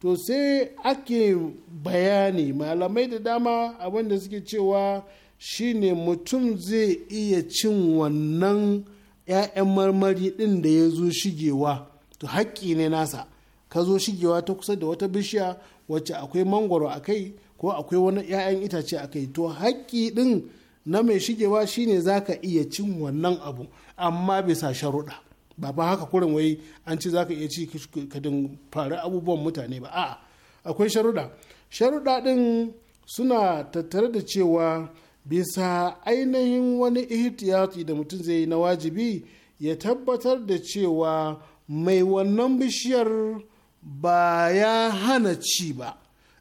to sai ake bayani malamai da dama abinda suke cewa shine mutum zai iya cin wannan 'ya'yan marmari ɗin da ya zo shigewa to haƙƙi ne nasa ka zo shigewa ta kusa da wata bishiya wacce akwai mangwaro a kai ko akwai wani 'ya'yan itace a kai to haƙƙi ɗin na mai shigewa shine za ka iya cin wannan abu amma bisa sharuɗa ba ba haka kurin wai an ci za ka iya ci kadin fara abubuwan mutane ba a'a akwai sharuɗa sharuɗa ɗin suna tattare da cewa bisa ainihin wani ihtiyati da mutum zai yi na wajibi ya tabbatar da cewa mai wannan bishiyar ba ya hana ci ba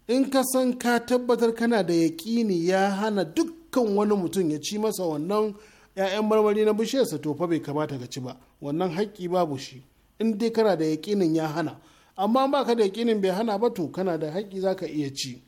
in ka san ka tabbatar kana da yaƙini ya hana dukkan wani mutum ya ci masa wannan 'ya'yan marmari na bishiyarsa to fa bai kamata ka ci ba wannan haƙƙi babu shi in dai kana da yaƙinin ya hana amma ba ka da yaƙinin bai hana ba to kana da haƙƙi za ka iya ci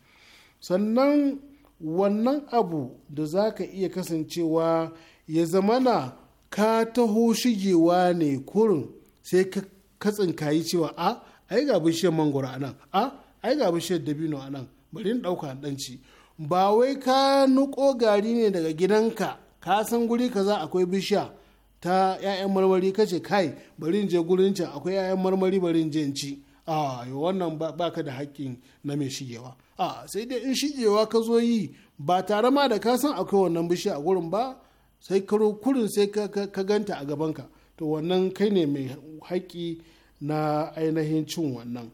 sannan wannan abu da za ka iya kasancewa ya zamana ka taho shigewa ne kurin sai ka katsin kayi cewa a ai ga bishiyar mangoro a nan a ai ga bishiyar dabino a nan bari in ɗauka ɗan ci ba wai ka nuko gari ne daga gidanka ka san guri kaza akwai bishiya ta 'ya'yan marmari kace kai bari in je gurin can akwai 'ya'yan marmari bari in je in ci a wannan baka da haƙƙin na mai shigewa a sai dai in shigewa ka zo yi ba tare ma da ka san akwai wannan bishiya a gurin ba sai karo kurin sai ka ganta a gabanka to wannan kai ne mai haƙƙi na ainihin cin wannan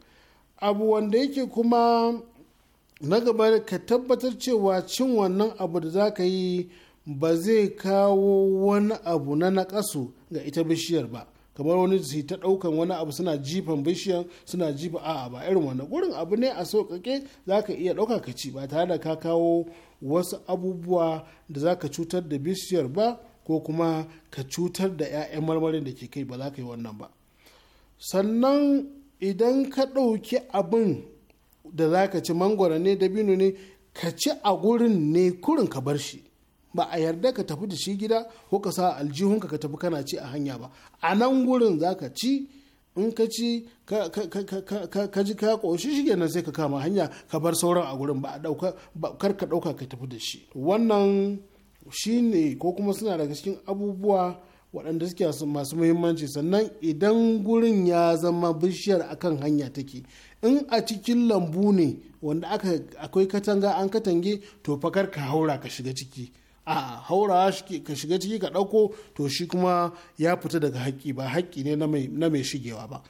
abu wanda yake kuma na gaba ka tabbatar cewa cin wannan abu da za ka yi ba zai kawo wani abu na naƙasu ga ita bishiyar ba kamar wani su ta ɗaukan wani abu suna jifan bishiyar suna jifa a'a ba irin wannan gurin abu ne a sauƙaƙe za ka iya ɗauka ka ci ba tare da ka kawo wasu abubuwa da za ka cutar da bishiyar ba ko kuma ka cutar da 'ya'yan marmarin da ke kai ba za ka yi wannan ba sannan idan ka ɗauki abin da za ka ci mangwara ne dabino ne ka ci a gurin ne kurin ka bar shi ba a yarda ka tafi da shi gida ko ka sa aljihunka ka tafi kana ci a hanya ba a nan gurin za ka ci in ka ci ka ji ka ƙoshi shi kenan sai ka kama hanya ka bar sauran a gurin ba a ɗauka kar ka ɗauka ka tafi da shi wannan shine ko kuma suna daga cikin abubuwa waɗanda suke masu muhimmanci sannan idan gurin ya zama bishiyar akan hanya take in a cikin lambu ne wanda akwai katanga an katange to fakar ka haura ka shiga ciki a haura ka shiga ciki ka ɗauko to shi kuma ya fita daga haƙƙi ba haƙƙi ne na mai shigewa ba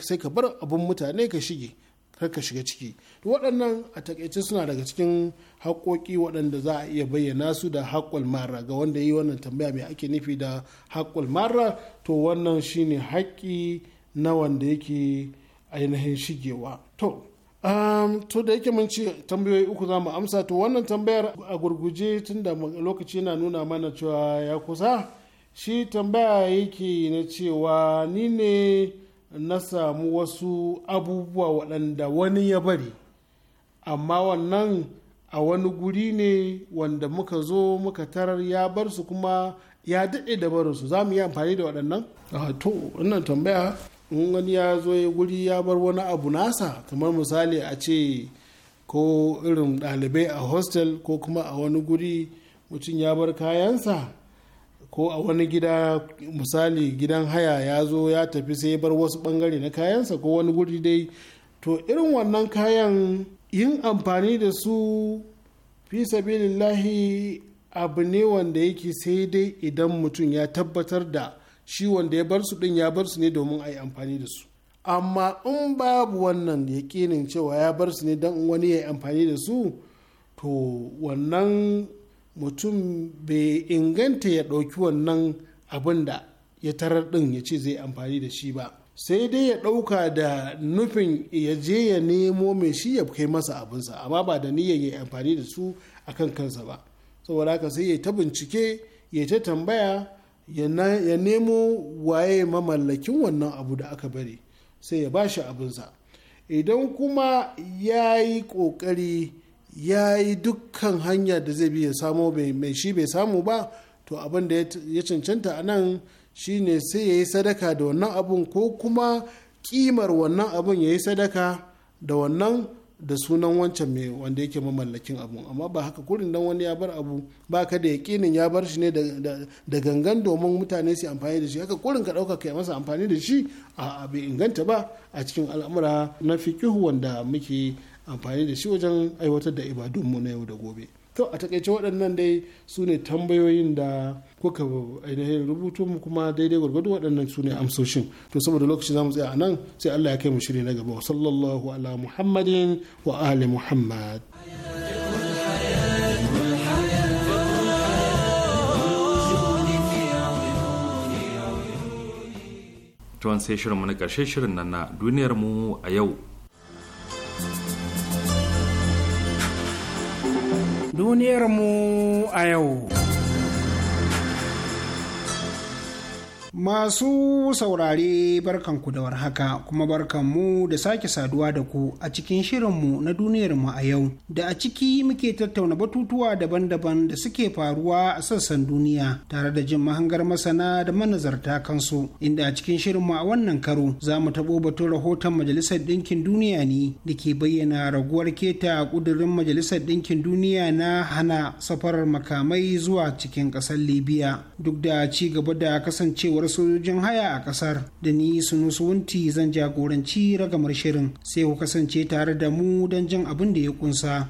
sai ka bar abun mutane ka shige kar ka shiga ciki waɗannan a takaice suna daga cikin haƙoƙi waɗanda za a iya bayyana su da haƙƙul mara ga wanda yi wannan tambaya mai ake nufi da haƙƙul mara to wannan shine haƙƙi na wanda yake ainihin shigewa to Um, to da yake mun ce tambayoyi uku za mu amsa to wannan tambayar a gurguje tun da lokaci na nuna mana cewa ya kusa shi tambaya yake na cewa ni ne na samu wasu abubuwa waɗanda wani ya bari amma wannan a wani guri ne wanda muka zo muka tarar ya bar su kuma ya daɗe da su za mu yi amfani da waɗannan? to wannan tambaya in wani ya zo ya guri ya bar wani abu nasa kamar misali a ce ko irin ɗalibai a hostel ko kuma a wani guri mutum ya bar kayansa ko a wani gida misali gidan haya ya zo ya tafi sai ya bar wasu bangare na kayansa ko wani guri dai to irin wannan kayan yin amfani da su fi sabilillahi abu ne wanda yake sai dai idan mutum ya tabbatar da shi wanda ya bar su din ya bar su ne domin a yi amfani da su amma in babu wannan yakinin cewa ya bar su ne don wani ya yi amfani da su to wannan mutum bai inganta ya ɗauki wannan abin da ya tarar ɗin ya ce zai amfani da shi ba sai dai ya ɗauka da nufin ya je ya nemo mai shi ya kai masa abinsa amma ba da niyyar ya amfani da su a kan kansa ba saboda haka sai ya ta bincike ya ta tambaya ya nemo waye mamallakin wannan abu da aka bari sai ya ba shi abinsa idan kuma ya yi ƙoƙari ya yi dukkan hanya da zai bi ya samo mai shi bai samu ba to abin da ya cancanta a nan shi ne sai ya yi sadaka da wannan abun ko kuma kimar wannan abun ya yi sadaka da wannan da sunan wancan mai wanda yake mamallakin abu amma ba haka kurin dan wani ya bar abu ba ka da yakinin ya bar shi ne da gangan domin mutane su amfani da shi haka kurin ka dauka kai masa amfani da shi a bai inganta ba a cikin al'amura na fikihu wanda muke amfani da shi wajen aiwatar da ibadun mu na yau da gobe to a takaice waɗannan dai su ne tambayoyin da kuka ainihin rubutu mu kuma daidai gwargwado waɗannan su ne amsoshin to saboda lokaci za mu tsaya a nan sai allah ya kai mu shiri na gaba wa sallallahu ala muhammadin wa ali muhammad tuwan sai shirin mu na ƙarshe shirin nan na duniyar mu a yau duniyarmu a yau. Masu saurare barkan ku da warhaka kuma barkanmu da sake saduwa da ku a cikin shirinmu na duniyar mu a yau da a ciki muke tattauna batutuwa daban-daban da suke faruwa a sassan duniya tare da jin mahangar masana da manazarta kansu inda a cikin shirinmu a wannan karo za mu taɓo batun rahoton Majalisar Ɗinkin Duniya ne da ke bayyana raguwar keta ƙudurin Majalisar Ɗinkin Duniya na hana safarar makamai zuwa cikin ƙasar Libya duk da ci gaba da kasancewar rundunar sojojin haya a kasar da ni sunu wunti zan jagoranci ragamar shirin sai ku kasance tare da mu don jin abin da ya kunsa.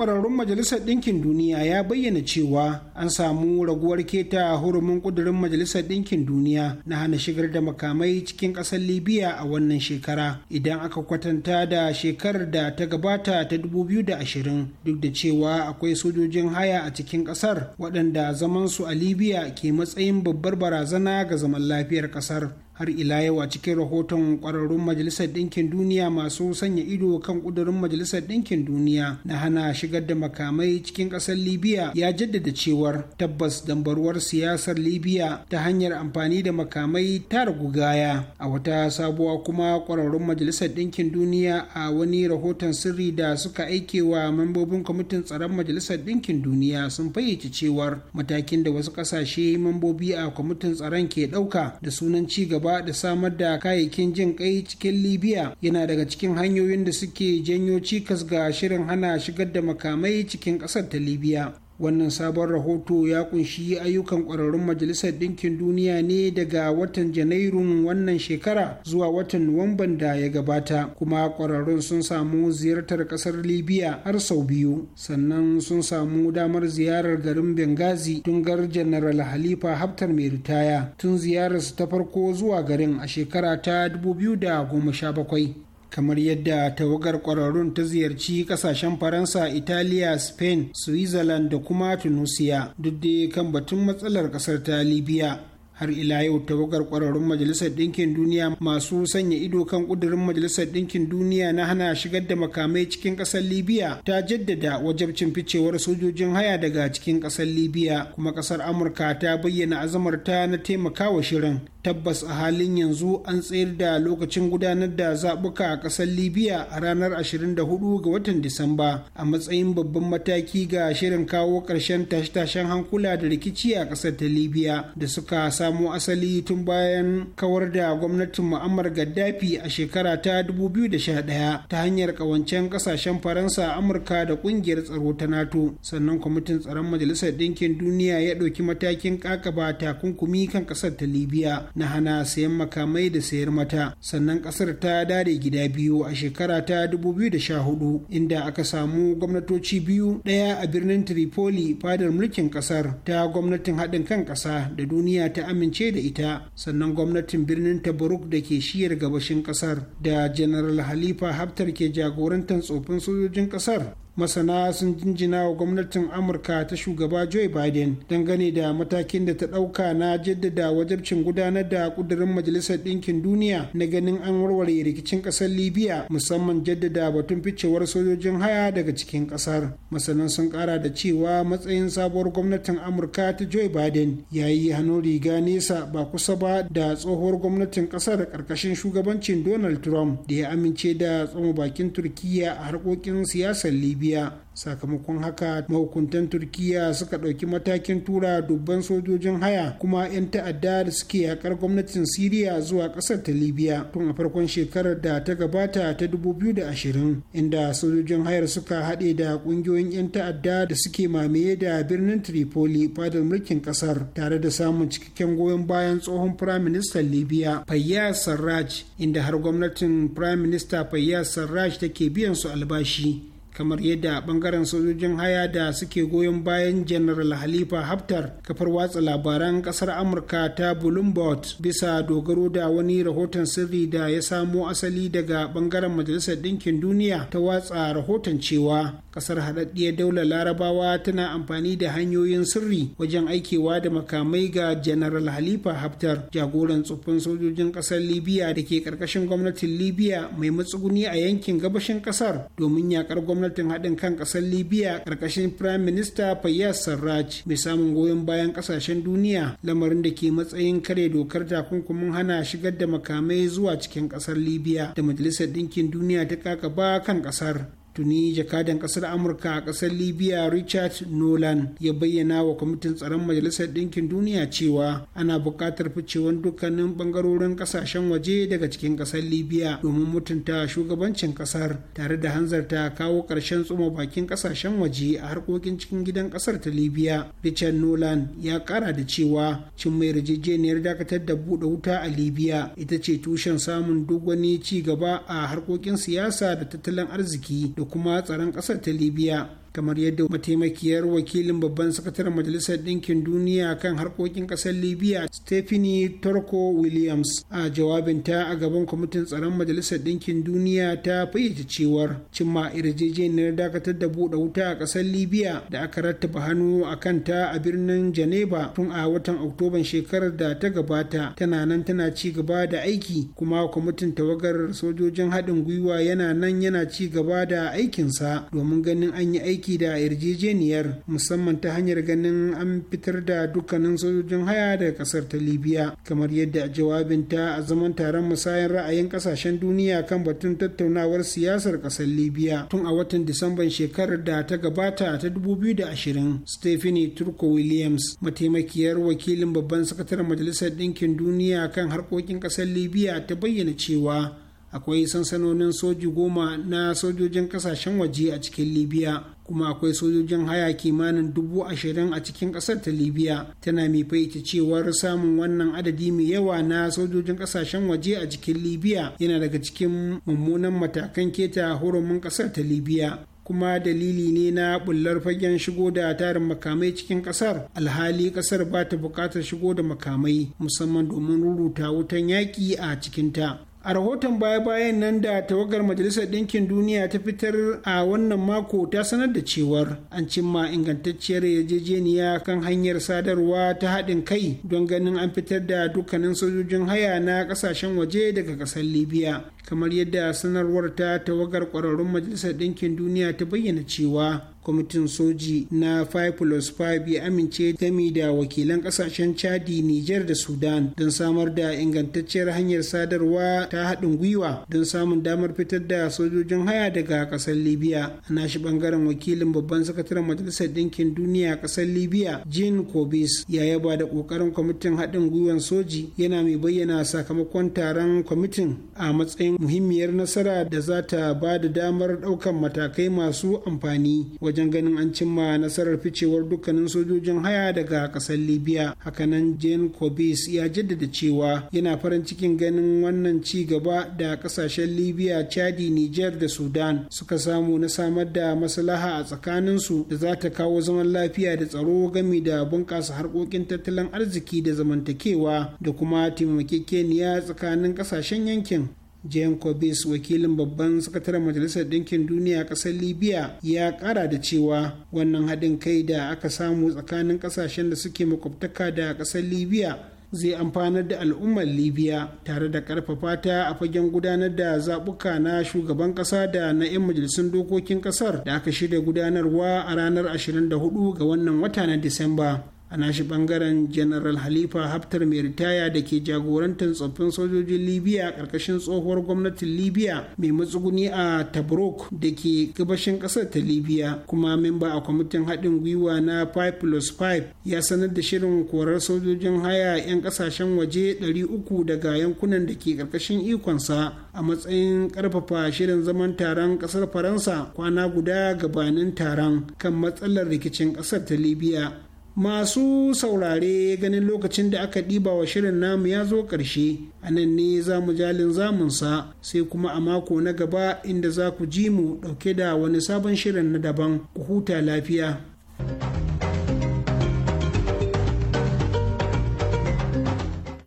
ƙwararrun majalisar ɗinkin duniya ya bayyana cewa an samu raguwar keta hurumin ƙudurin majalisar ɗinkin duniya na hana shigar da makamai cikin ƙasar libya a wannan shekara idan aka kwatanta da shekarar da ta gabata ta 2020 duk da cewa akwai sojojin haya a cikin ƙasar waɗanda zamansu a libya ke matsayin babbar barazana ga zaman lafiyar ƙasar har ila yau a cikin rahoton kwararrun majalisar ɗinkin duniya masu sanya ido kan ƙudurin majalisar ɗinkin duniya na hana shigar da makamai cikin ƙasar libya ya jaddada cewar tabbas dambaruwar siyasar libya ta hanyar amfani da makamai ta ragu gaya a wata sabuwa kuma kwararrun majalisar ɗinkin duniya a wani rahoton sirri da suka aike wa mambobin kwamitin tsaron majalisar ɗinkin duniya sun fayyace cewar matakin da wasu ƙasashe mambobi a kwamitin tsaron ke ɗauka da sunan ci gaba gaba da samar da kayayyakin jin kai cikin libya yana daga cikin hanyoyin da suke janyo cikas ga shirin hana shigar da makamai cikin ƙasar ta libya wannan sabon rahoto ya kunshi ayyukan ƙwararrun majalisar ɗinkin duniya ne daga watan janairun wannan shekara zuwa watan nuwamban da ya gabata kuma ƙwararrun sun samu ziyartar ƙasar libya har sau biyu sannan sun samu damar ziyarar garin benghazi tungar general halifa haftar mai ritaya tun ziyararsu ta farko zuwa garin a shekara ta 2017 kamar yadda tawagar kwararrun ta ziyarci kasashen faransa italiya spain switzerland da kuma tunisia duk da kan batun matsalar kasar ta libya har ila yau tawagar kwararrun majalisar ɗinkin duniya masu sanya ido kan ƙudurin majalisar ɗinkin duniya na hana shigar da makamai cikin ƙasar libya ta jaddada wajabcin ficewar sojojin haya daga cikin ƙasar libya kuma ƙasar amurka ta bayyana azamarta na taimakawa shirin tabbas a halin yanzu an tsayar da lokacin gudanar da zaɓuka a ƙasar libya a ranar 24 ga watan disamba a matsayin babban mataki ga shirin kawo ƙarshen tashe-tashen hankula da rikici a ƙasar ta libya da suka samo asali tun bayan kawar da gwamnatin mu'ammar gaddafi a shekara ta 2011 ta hanyar ƙawancen ƙasashen faransa amurka da ƙungiyar tsaro ta nato sannan kwamitin tsaron majalisar ɗinkin duniya ya ɗauki matakin ƙaƙaba takunkumi kan ƙasar ta libya na hana sayan makamai da sayar mata sannan kasar ta dare gida biyu a shekara ta 2014 inda aka samu gwamnatoci biyu ɗaya a birnin tripoli fadar mulkin kasar ta gwamnatin haɗin kan ƙasa da duniya ta amince da ita sannan gwamnatin birnin tabaruk da ke shiyar gabashin kasar da general halifa haftar ke jagorantar tsofin sojojin kasar masana sun jinjina wa gwamnatin amurka ta shugaba joe biden dangane da matakin da ta ɗauka na jaddada wajabcin gudanar da ƙudurin majalisar ɗinkin duniya na ganin an warware rikicin ƙasar libya musamman jaddada batun ficewar sojojin haya daga cikin ƙasar masana sun ƙara da cewa matsayin sabuwar gwamnatin amurka ta joe biden ya yi hannun riga nesa ba kusa ba da tsohuwar gwamnatin ƙasar ƙarƙashin shugabancin donald trump da ya amince da tsoma bakin turkiya a harkokin siyasar libya libya sakamakon haka mahukuntan turkiyya suka ɗauki matakin tura dubban sojojin haya kuma 'yan ta'adda da suke yaƙar gwamnatin siriya zuwa ƙasar ta libya tun a farkon shekarar da ta gabata ta 2020 inda sojojin hayar suka haɗe da ƙungiyoyin 'yan ta'adda da suke mamaye da birnin tripoli fadar mulkin ƙasar tare da samun cikakken goyon bayan tsohon firaministan libya fayyaz sarraj inda har gwamnatin firaminista fayyaz sarraj take biyan su albashi kamar yadda bangaren sojojin haya da suke goyon bayan general halifa haftar kafar watsa labaran kasar amurka ta bloomberg bisa dogaro da wani rahoton sirri da ya samo asali daga bangaren majalisar ɗinkin duniya ta watsa rahoton cewa kasar haɗaɗɗiyar daular larabawa tana amfani da hanyoyin sirri wajen aikewa da makamai ga general halifa haftar jagoran tsoffin sojojin kasar libya da ke ƙarƙashin gwamnatin libya mai matsuguni a yankin gabashin kasar domin yaƙar gwamnati gwamnatin haɗin kan ƙasar libya ƙarƙashin prime minister fayyaz sarraj mai samun goyon bayan ƙasashen duniya lamarin da ke matsayin kare dokar takunkumin hana shigar da makamai zuwa cikin ƙasar libya da majalisar ɗinkin duniya ta kakaba kan ƙasar tuni jakadan kasar amurka a kasar libya richard nolan ya bayyana wa kwamitin tsaron majalisar ɗinkin duniya cewa ana buƙatar ficewan dukkanin ɓangarorin ƙasashen waje daga cikin ƙasar libya domin mutunta shugabancin ƙasar tare da hanzarta kawo ƙarshen tsuma bakin ƙasashen waje a harkokin cikin gidan ƙasar ta libya richard nolan ya ƙara da cewa cin mai yarjejeniyar dakatar da buɗe wuta a libya ita ce tushen samun duk ci gaba a harkokin siyasa da tattalin arziki da kuma tsaron ƙasar ta libya kamar yadda mataimakiyar wakilin babban sakataren majalisar ɗinkin duniya kan harkokin ƙasar libya stephanie torko williams a jawabinta a gaban kwamitin tsaron majalisar ɗinkin duniya ta fayyace cewar cimma yarjejeniyar dakatar da buɗe wuta a ƙasar libya da aka rattaba hannu a kanta a birnin geneva tun a watan oktoban shekarar da ta gabata tana nan tana ci gaba da aiki kuma kwamitin tawagar sojojin haɗin gwiwa yana nan yana ci gaba da aikinsa domin ganin an yi aiki aiki da yarjejeniyar musamman ta hanyar ganin an fitar da dukkanin sojojin haya daga kasar ta libya kamar yadda jawabinta a zaman taron musayar ra'ayin kasashen duniya kan batun tattaunawar siyasar kasar libya tun a watan disamban shekarar da ta gabata ta 2020 stephanie turko williams mataimakiyar wakilin babban sakataren majalisar ɗinkin duniya kan harkokin kasar libya ta bayyana cewa akwai sansanonin soji goma na sojojin kasashen waje a cikin libya kuma akwai sojojin haya kimanin dubu ashirin a cikin ƙasar ta libya tana mai faita cewar samun wannan adadi mai yawa na sojojin ƙasashen waje a cikin libya yana daga cikin mummunan matakan keta hurumin ƙasar ta libya kuma dalili ne na bullar fagen shigo da tarin makamai cikin kasar alhali kasar ba ta bukatar shigo da makamai musamman domin ruruta wutan yaƙi a cikinta a rahoton baya-bayan nan da tawagar majalisar ɗinkin duniya ta fitar a wannan mako ta sanar da cewar an cimma ingantacciyar yarjejeniya kan hanyar sadarwa ta haɗin kai don ganin an fitar da dukkanin sojojin haya na ƙasashen waje daga ƙasar libya kamar yadda sanarwar ta tawagar ƙwararrun majalisar ɗinkin duniya ta bayyana cewa kwamitin soji na 5 plus 5 ya amince gami da wakilan kasashen chadi niger da sudan don samar da ingantacciyar hanyar sadarwa ta haɗin gwiwa don samun damar fitar da sojojin haya daga ƙasar libya a nashi ɓangaren wakilin babban sakataren majalisar ɗinkin duniya ƙasar libya jean kobis ya yaba da ƙoƙarin kwamitin haɗin gwiwan soji yana mai bayyana sakamakon taron kwamitin a matsayin muhimmiyar nasara da za ta ba da damar ɗaukan matakai masu amfani wajen ganin an cimma nasarar ficewar dukkanin sojojin haya daga kasar libya hakanan jane kobis ya jaddada cewa yana farin cikin ganin wannan ci gaba da kasashen libya chadi niger da sudan suka samu na samar da maslaha a tsakaninsu da za ta kawo zaman lafiya da tsaro gami da bunƙasa harkokin tattalin arziki da zamantakewa da kuma taimakekeniya tsakanin kasashen yankin jean kobis wakilin babban sakataren majalisar ɗinkin duniya a ƙasar libya ya ƙara da cewa wannan haɗin kai da aka samu tsakanin ƙasashen da suke makwabtaka da ƙasar libya zai amfanar da al'ummar libya tare da karfafa ta a fagen gudanar da zaɓuka na shugaban ƙasa da na 'yan majalisun dokokin ƙasar da aka shirya gudanarwa a ranar 24 ga wannan wata na disamba a nashi bangaren general halifa haftar mai ritaya da ke jagorantar tsoffin sojojin libya a ƙarƙashin tsohuwar gwamnatin libya mai matsuguni a tabrok da ke gabashin ƙasar ta libya kuma memba a kwamitin haɗin gwiwa na 5 plus 5 ya sanar da shirin korar sojojin haya 'yan kasashen waje 300 daga yankunan da ke ƙarƙashin ikonsa a matsayin ƙarfafa shirin zaman taron ƙasar faransa kwana guda gabanin taron kan matsalar rikicin ƙasar ta libya masu saurare ganin lokacin da aka ɗiba wa shirin namu ya zo ƙarshe a nan ne za mu jalin zamunsa sai kuma a mako na gaba inda za ku ji mu ɗauke da wani sabon shirin na daban ku huta lafiya.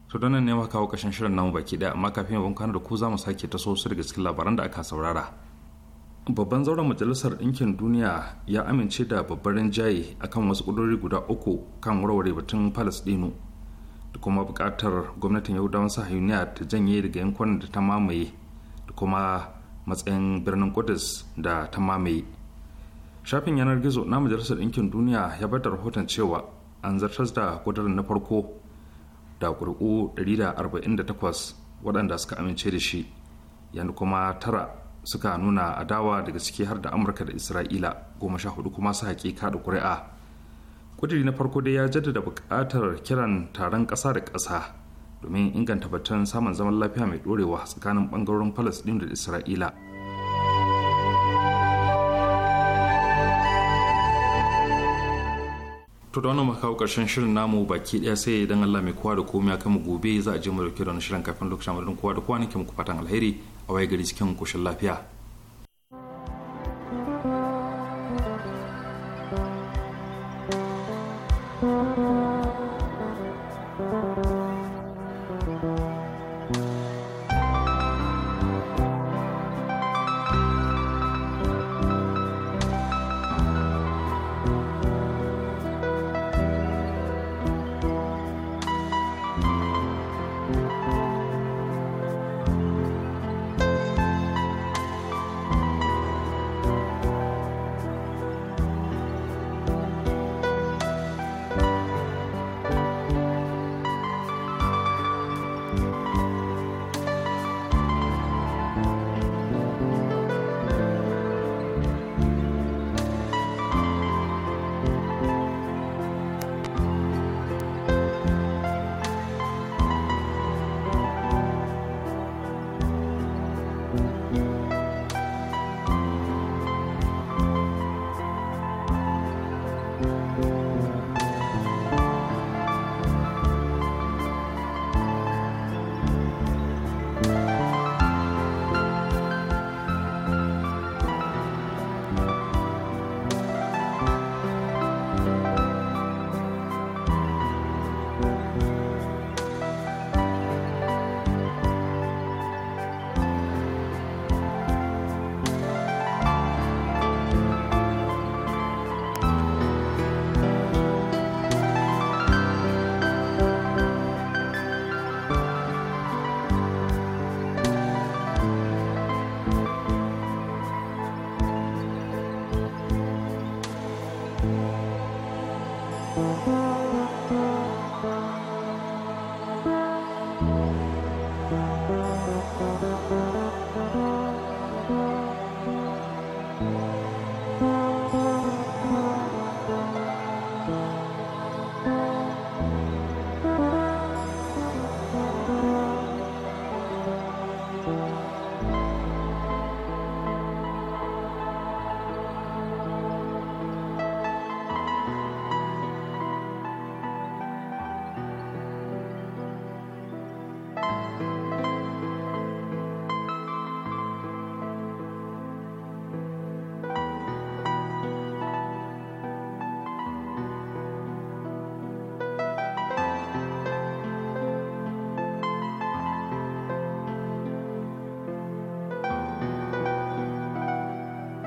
sudanan nan ne ma kawo ƙashin shirin namu baki ɗaya amma kafin yawan kanar da ku za mu sake taso su daga cikin labaran da aka saurara babban zauren majalisar ɗinkin duniya ya amince da babbar rinjaye akan wasu ƙudurori guda uku kan warware batun palestino da kuma buƙatar gwamnatin yahudawan sahayuniya ta janye daga yankunan da ta mamaye da kuma matsayin birnin kudus da ta mamaye shafin yanar gizo na majalisar ɗinkin duniya ya bada rahoton cewa an zartar da ƙudurin na farko da ƙuri'u 148 waɗanda suka amince da shi yana kuma tara suka nuna adawa daga ciki har da amurka da isra'ila goma sha hudu kuma su hakika da kuri'a kudiri na farko dai ya jaddada buƙatar kiran taron ƙasa da ƙasa domin inganta batun samun zaman lafiya mai ɗorewa tsakanin ɓangarorin palestine da isra'ila to da wannan makawo karshen shirin namu baki daya sai idan Allah mai kowa da komai kan mu gobe za a je mu dauke da wani shirin kafin lokacin mu kowa da kowa ke muku fatan alheri a waye gari cikin koshin lafiya